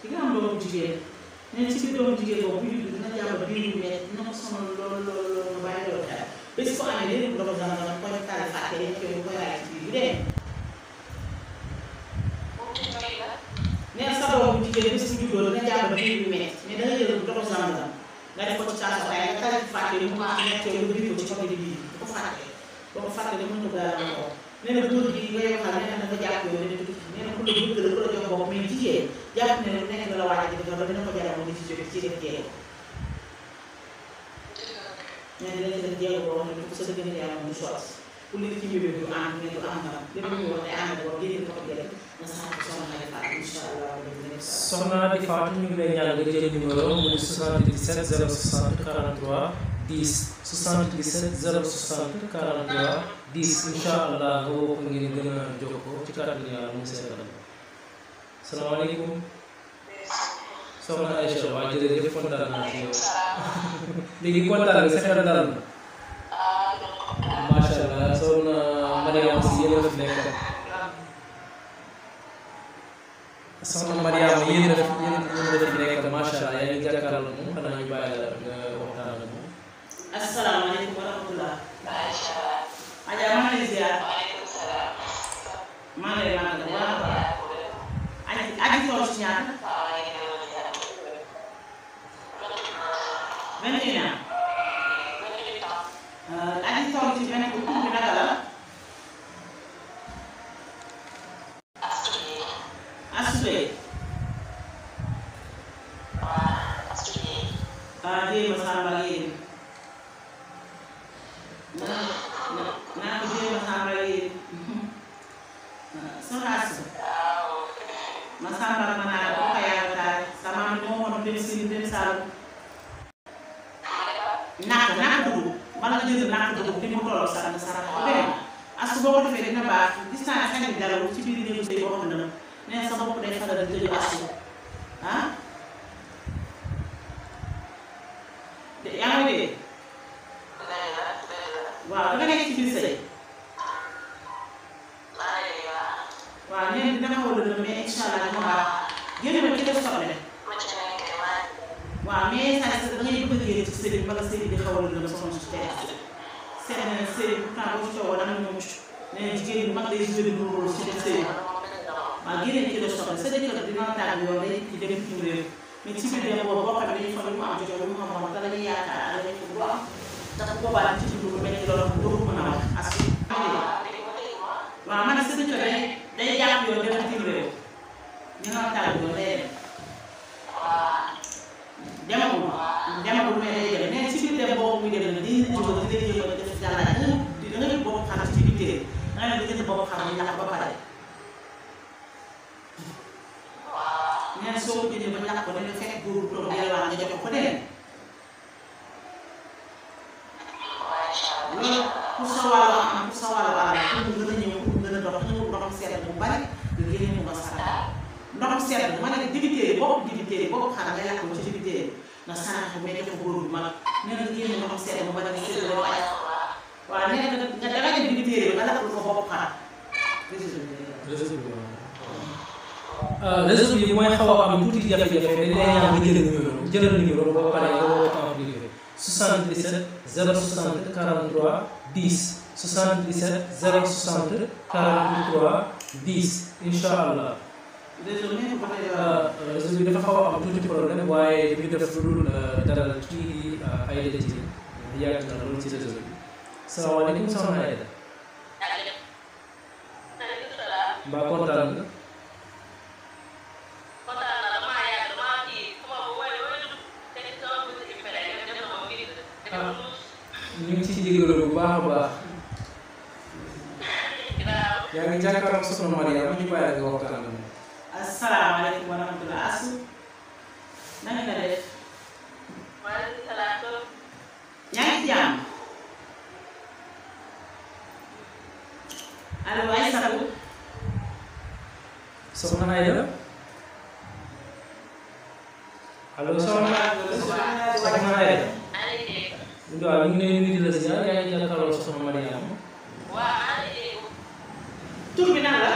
di nga am doomu jigéen neen ci biir doomu jigéen boobu bu juddu dina jàpp biir yu metti dina ko sonal loolu loolu loolu mu bàyyi loolu dara bés ko amee léegi dama dama dama koy taal fàtte yi koy mu koy laaj ci biir dee neen sa doomu jigéen bés bu juddoo dina jàpp biir yu metti mais danga jël bu doxo zam-zam nga def ko ci saasa waaye nga taal fàtte yi mu ko am nekk yow nga biir ko ci xobi di biir bu ko fàtte boo ko fàtte mën nga ko nee na ba tuuti gi ngay waxal nee na nga jàpp yow dina tuuti nee na ku la bëgg la ku la jox bopp mais jigéen jàpp ne nekk nga la waaj a def ba dina ko jaral moom ci jóge ci def jéego nee na dina ci def jéego boo xam ne du sa gën a yàlla du soos ku li ci bébé du am mais du am na lépp ñu wax ne am na boobu yéen ko jëlee na sax ko soxna di faatu incha allah soxna di faatu ñu ngi lay ñaan nga jël numéro muy 77 060 43 10 77 060 43 diis incha allah nga gën a jokkoo ci kàddu yàlla mu seetal salaamaaleykum soxna Aïcha waaw jërëjëf kontaan naa ci yow léegi kontaan nga sa dal na allah soxna Mariama si yéen a fi nekk soxna Mariama yéen a fi maa ngi lay màggal bu baax a baax aji aji tool si ñaata. vingt et un aji tool ci benn tur bi naka la. Assoubé. ah uh, jéem a sàmbal yéen. soxna si ma sàmbal ma naa ko ko yàlla taal sama am moo xool dem si dem saalum naat naat dugub bala nga jënd naat dugub ni mu tolloon sax na sarax ko beneen as boo ko defee dina baax gis naa xel bi dara ci biir néegu sëy boo xam ne nag nee sa bopp day faral di tëju asu ah yaa ngi dégg waaw da nga nekk ci biir sëy waaw nee na dama wóolu la mais incha allah dama waa génn ma ci def soble. waaw mais saa yi da ngay bëggee ci sëriñ ba nga sëriñ di xaw a lëndëm soxna si tey seet na sëriñ pourtant boo ci coowoo dana ñëw mucc nee na jigéen ñi mag day jëli lu wóor ci def sëriñ waaw génn ci def soble sa dëkk dina tàgg yow day ci dem ci réew mais ci biir dem boobu boo xam ne dañuy xam lu mu am ci lu mu xamoon te la ñuy yaakaar ak la ñuy ko am ndax boobaa ci dugg mel ni loolu doo ko mën a wax as waaw man sa dëkk day day jàpp yoon dana tiim réew ñu nga taal yoon day dem demagul demagul mais day dem mais si biir dem boobu muy dem na di jóg di def jóg def jàlla di da ngay bokk xam si biir téere da ngay gis bokk xam ne ñax ba pare nee na soo ko jëlee ba ñax ko dana fekk góor bu toog yàlla nga jox ko deneen loolu pour sa wàllu am pour sa wàllu am seetlu ma ne dibiteeri bopp dibiteeri bopp xanaa nga yàq ma ci dibiteeri ndax sànq bu nekk góor bu mag nee na génn ñoo xam seetlu ma ba da nga seetlu loo ay waaw nee na nga da nga ne dibiteeri ba nga laqul ko bopp xanaa réseau bi euh, réseau bi mooy xaw a am tuuti jafe-jafe dañ lay ñaan nga jël numéro jëlal numéro ba pare nga woo temps bi 77 060 43 10 77 060 43 10 incha allah désormais ba tey réseau bi dafa xaw a am tuuti problème waaye ñu def lu dul dalal kii di Aïda Dieng yàgg na loolu ci réseau bi salaamaaleykum soxna Aïda. mbaa kontaan nga. ah ñu ngi ciy jégalu bu baax baax. yaa ngi jàkkaarloog soxna Mariama ñu bàyyi la nga waxtaan asalaamaaleykum wa rahmatulah Asou na nga def. waaleykum salaam. ñaa ngi ci jàmm. allo ay sabu. soxna Aida. allo soxna. soxna Aida. waaw ñu ngi lay nuyu di la ziar yaa ngi jàkkaarloo soxna Mariama. waaw. tur bi nan la.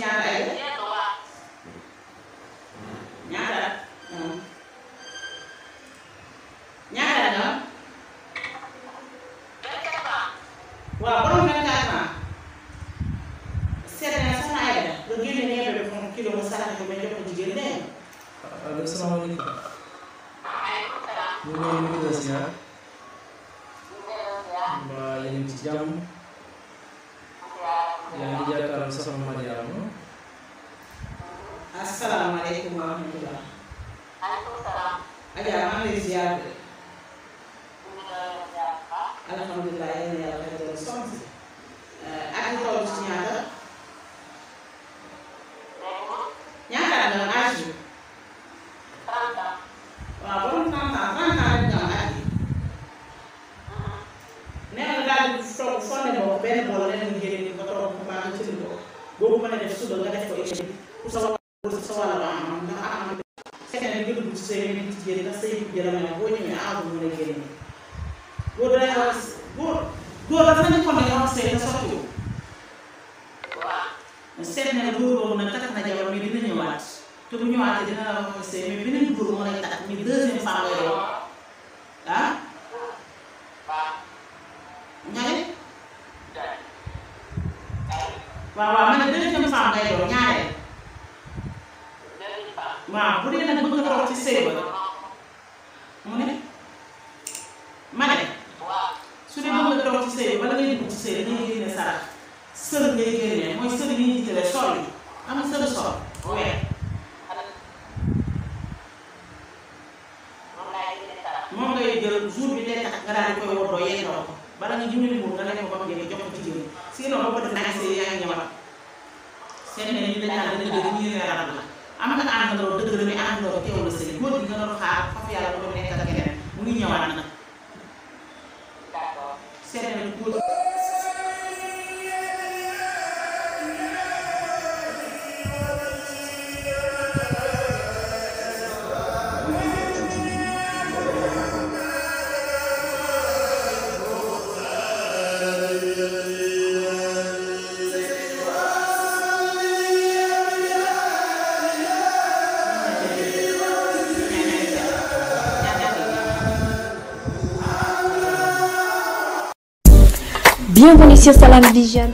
ñaata ay ñaata at ñaata at la waaw borom 24 ans seet na sax na ay da génne ñebe bi moom kilo mu sarax ko ba jox ko jigéen ne allo salaamaaleykum ñu ngi leen di ziar mbaa yéen ci jàmm sur Salam Vision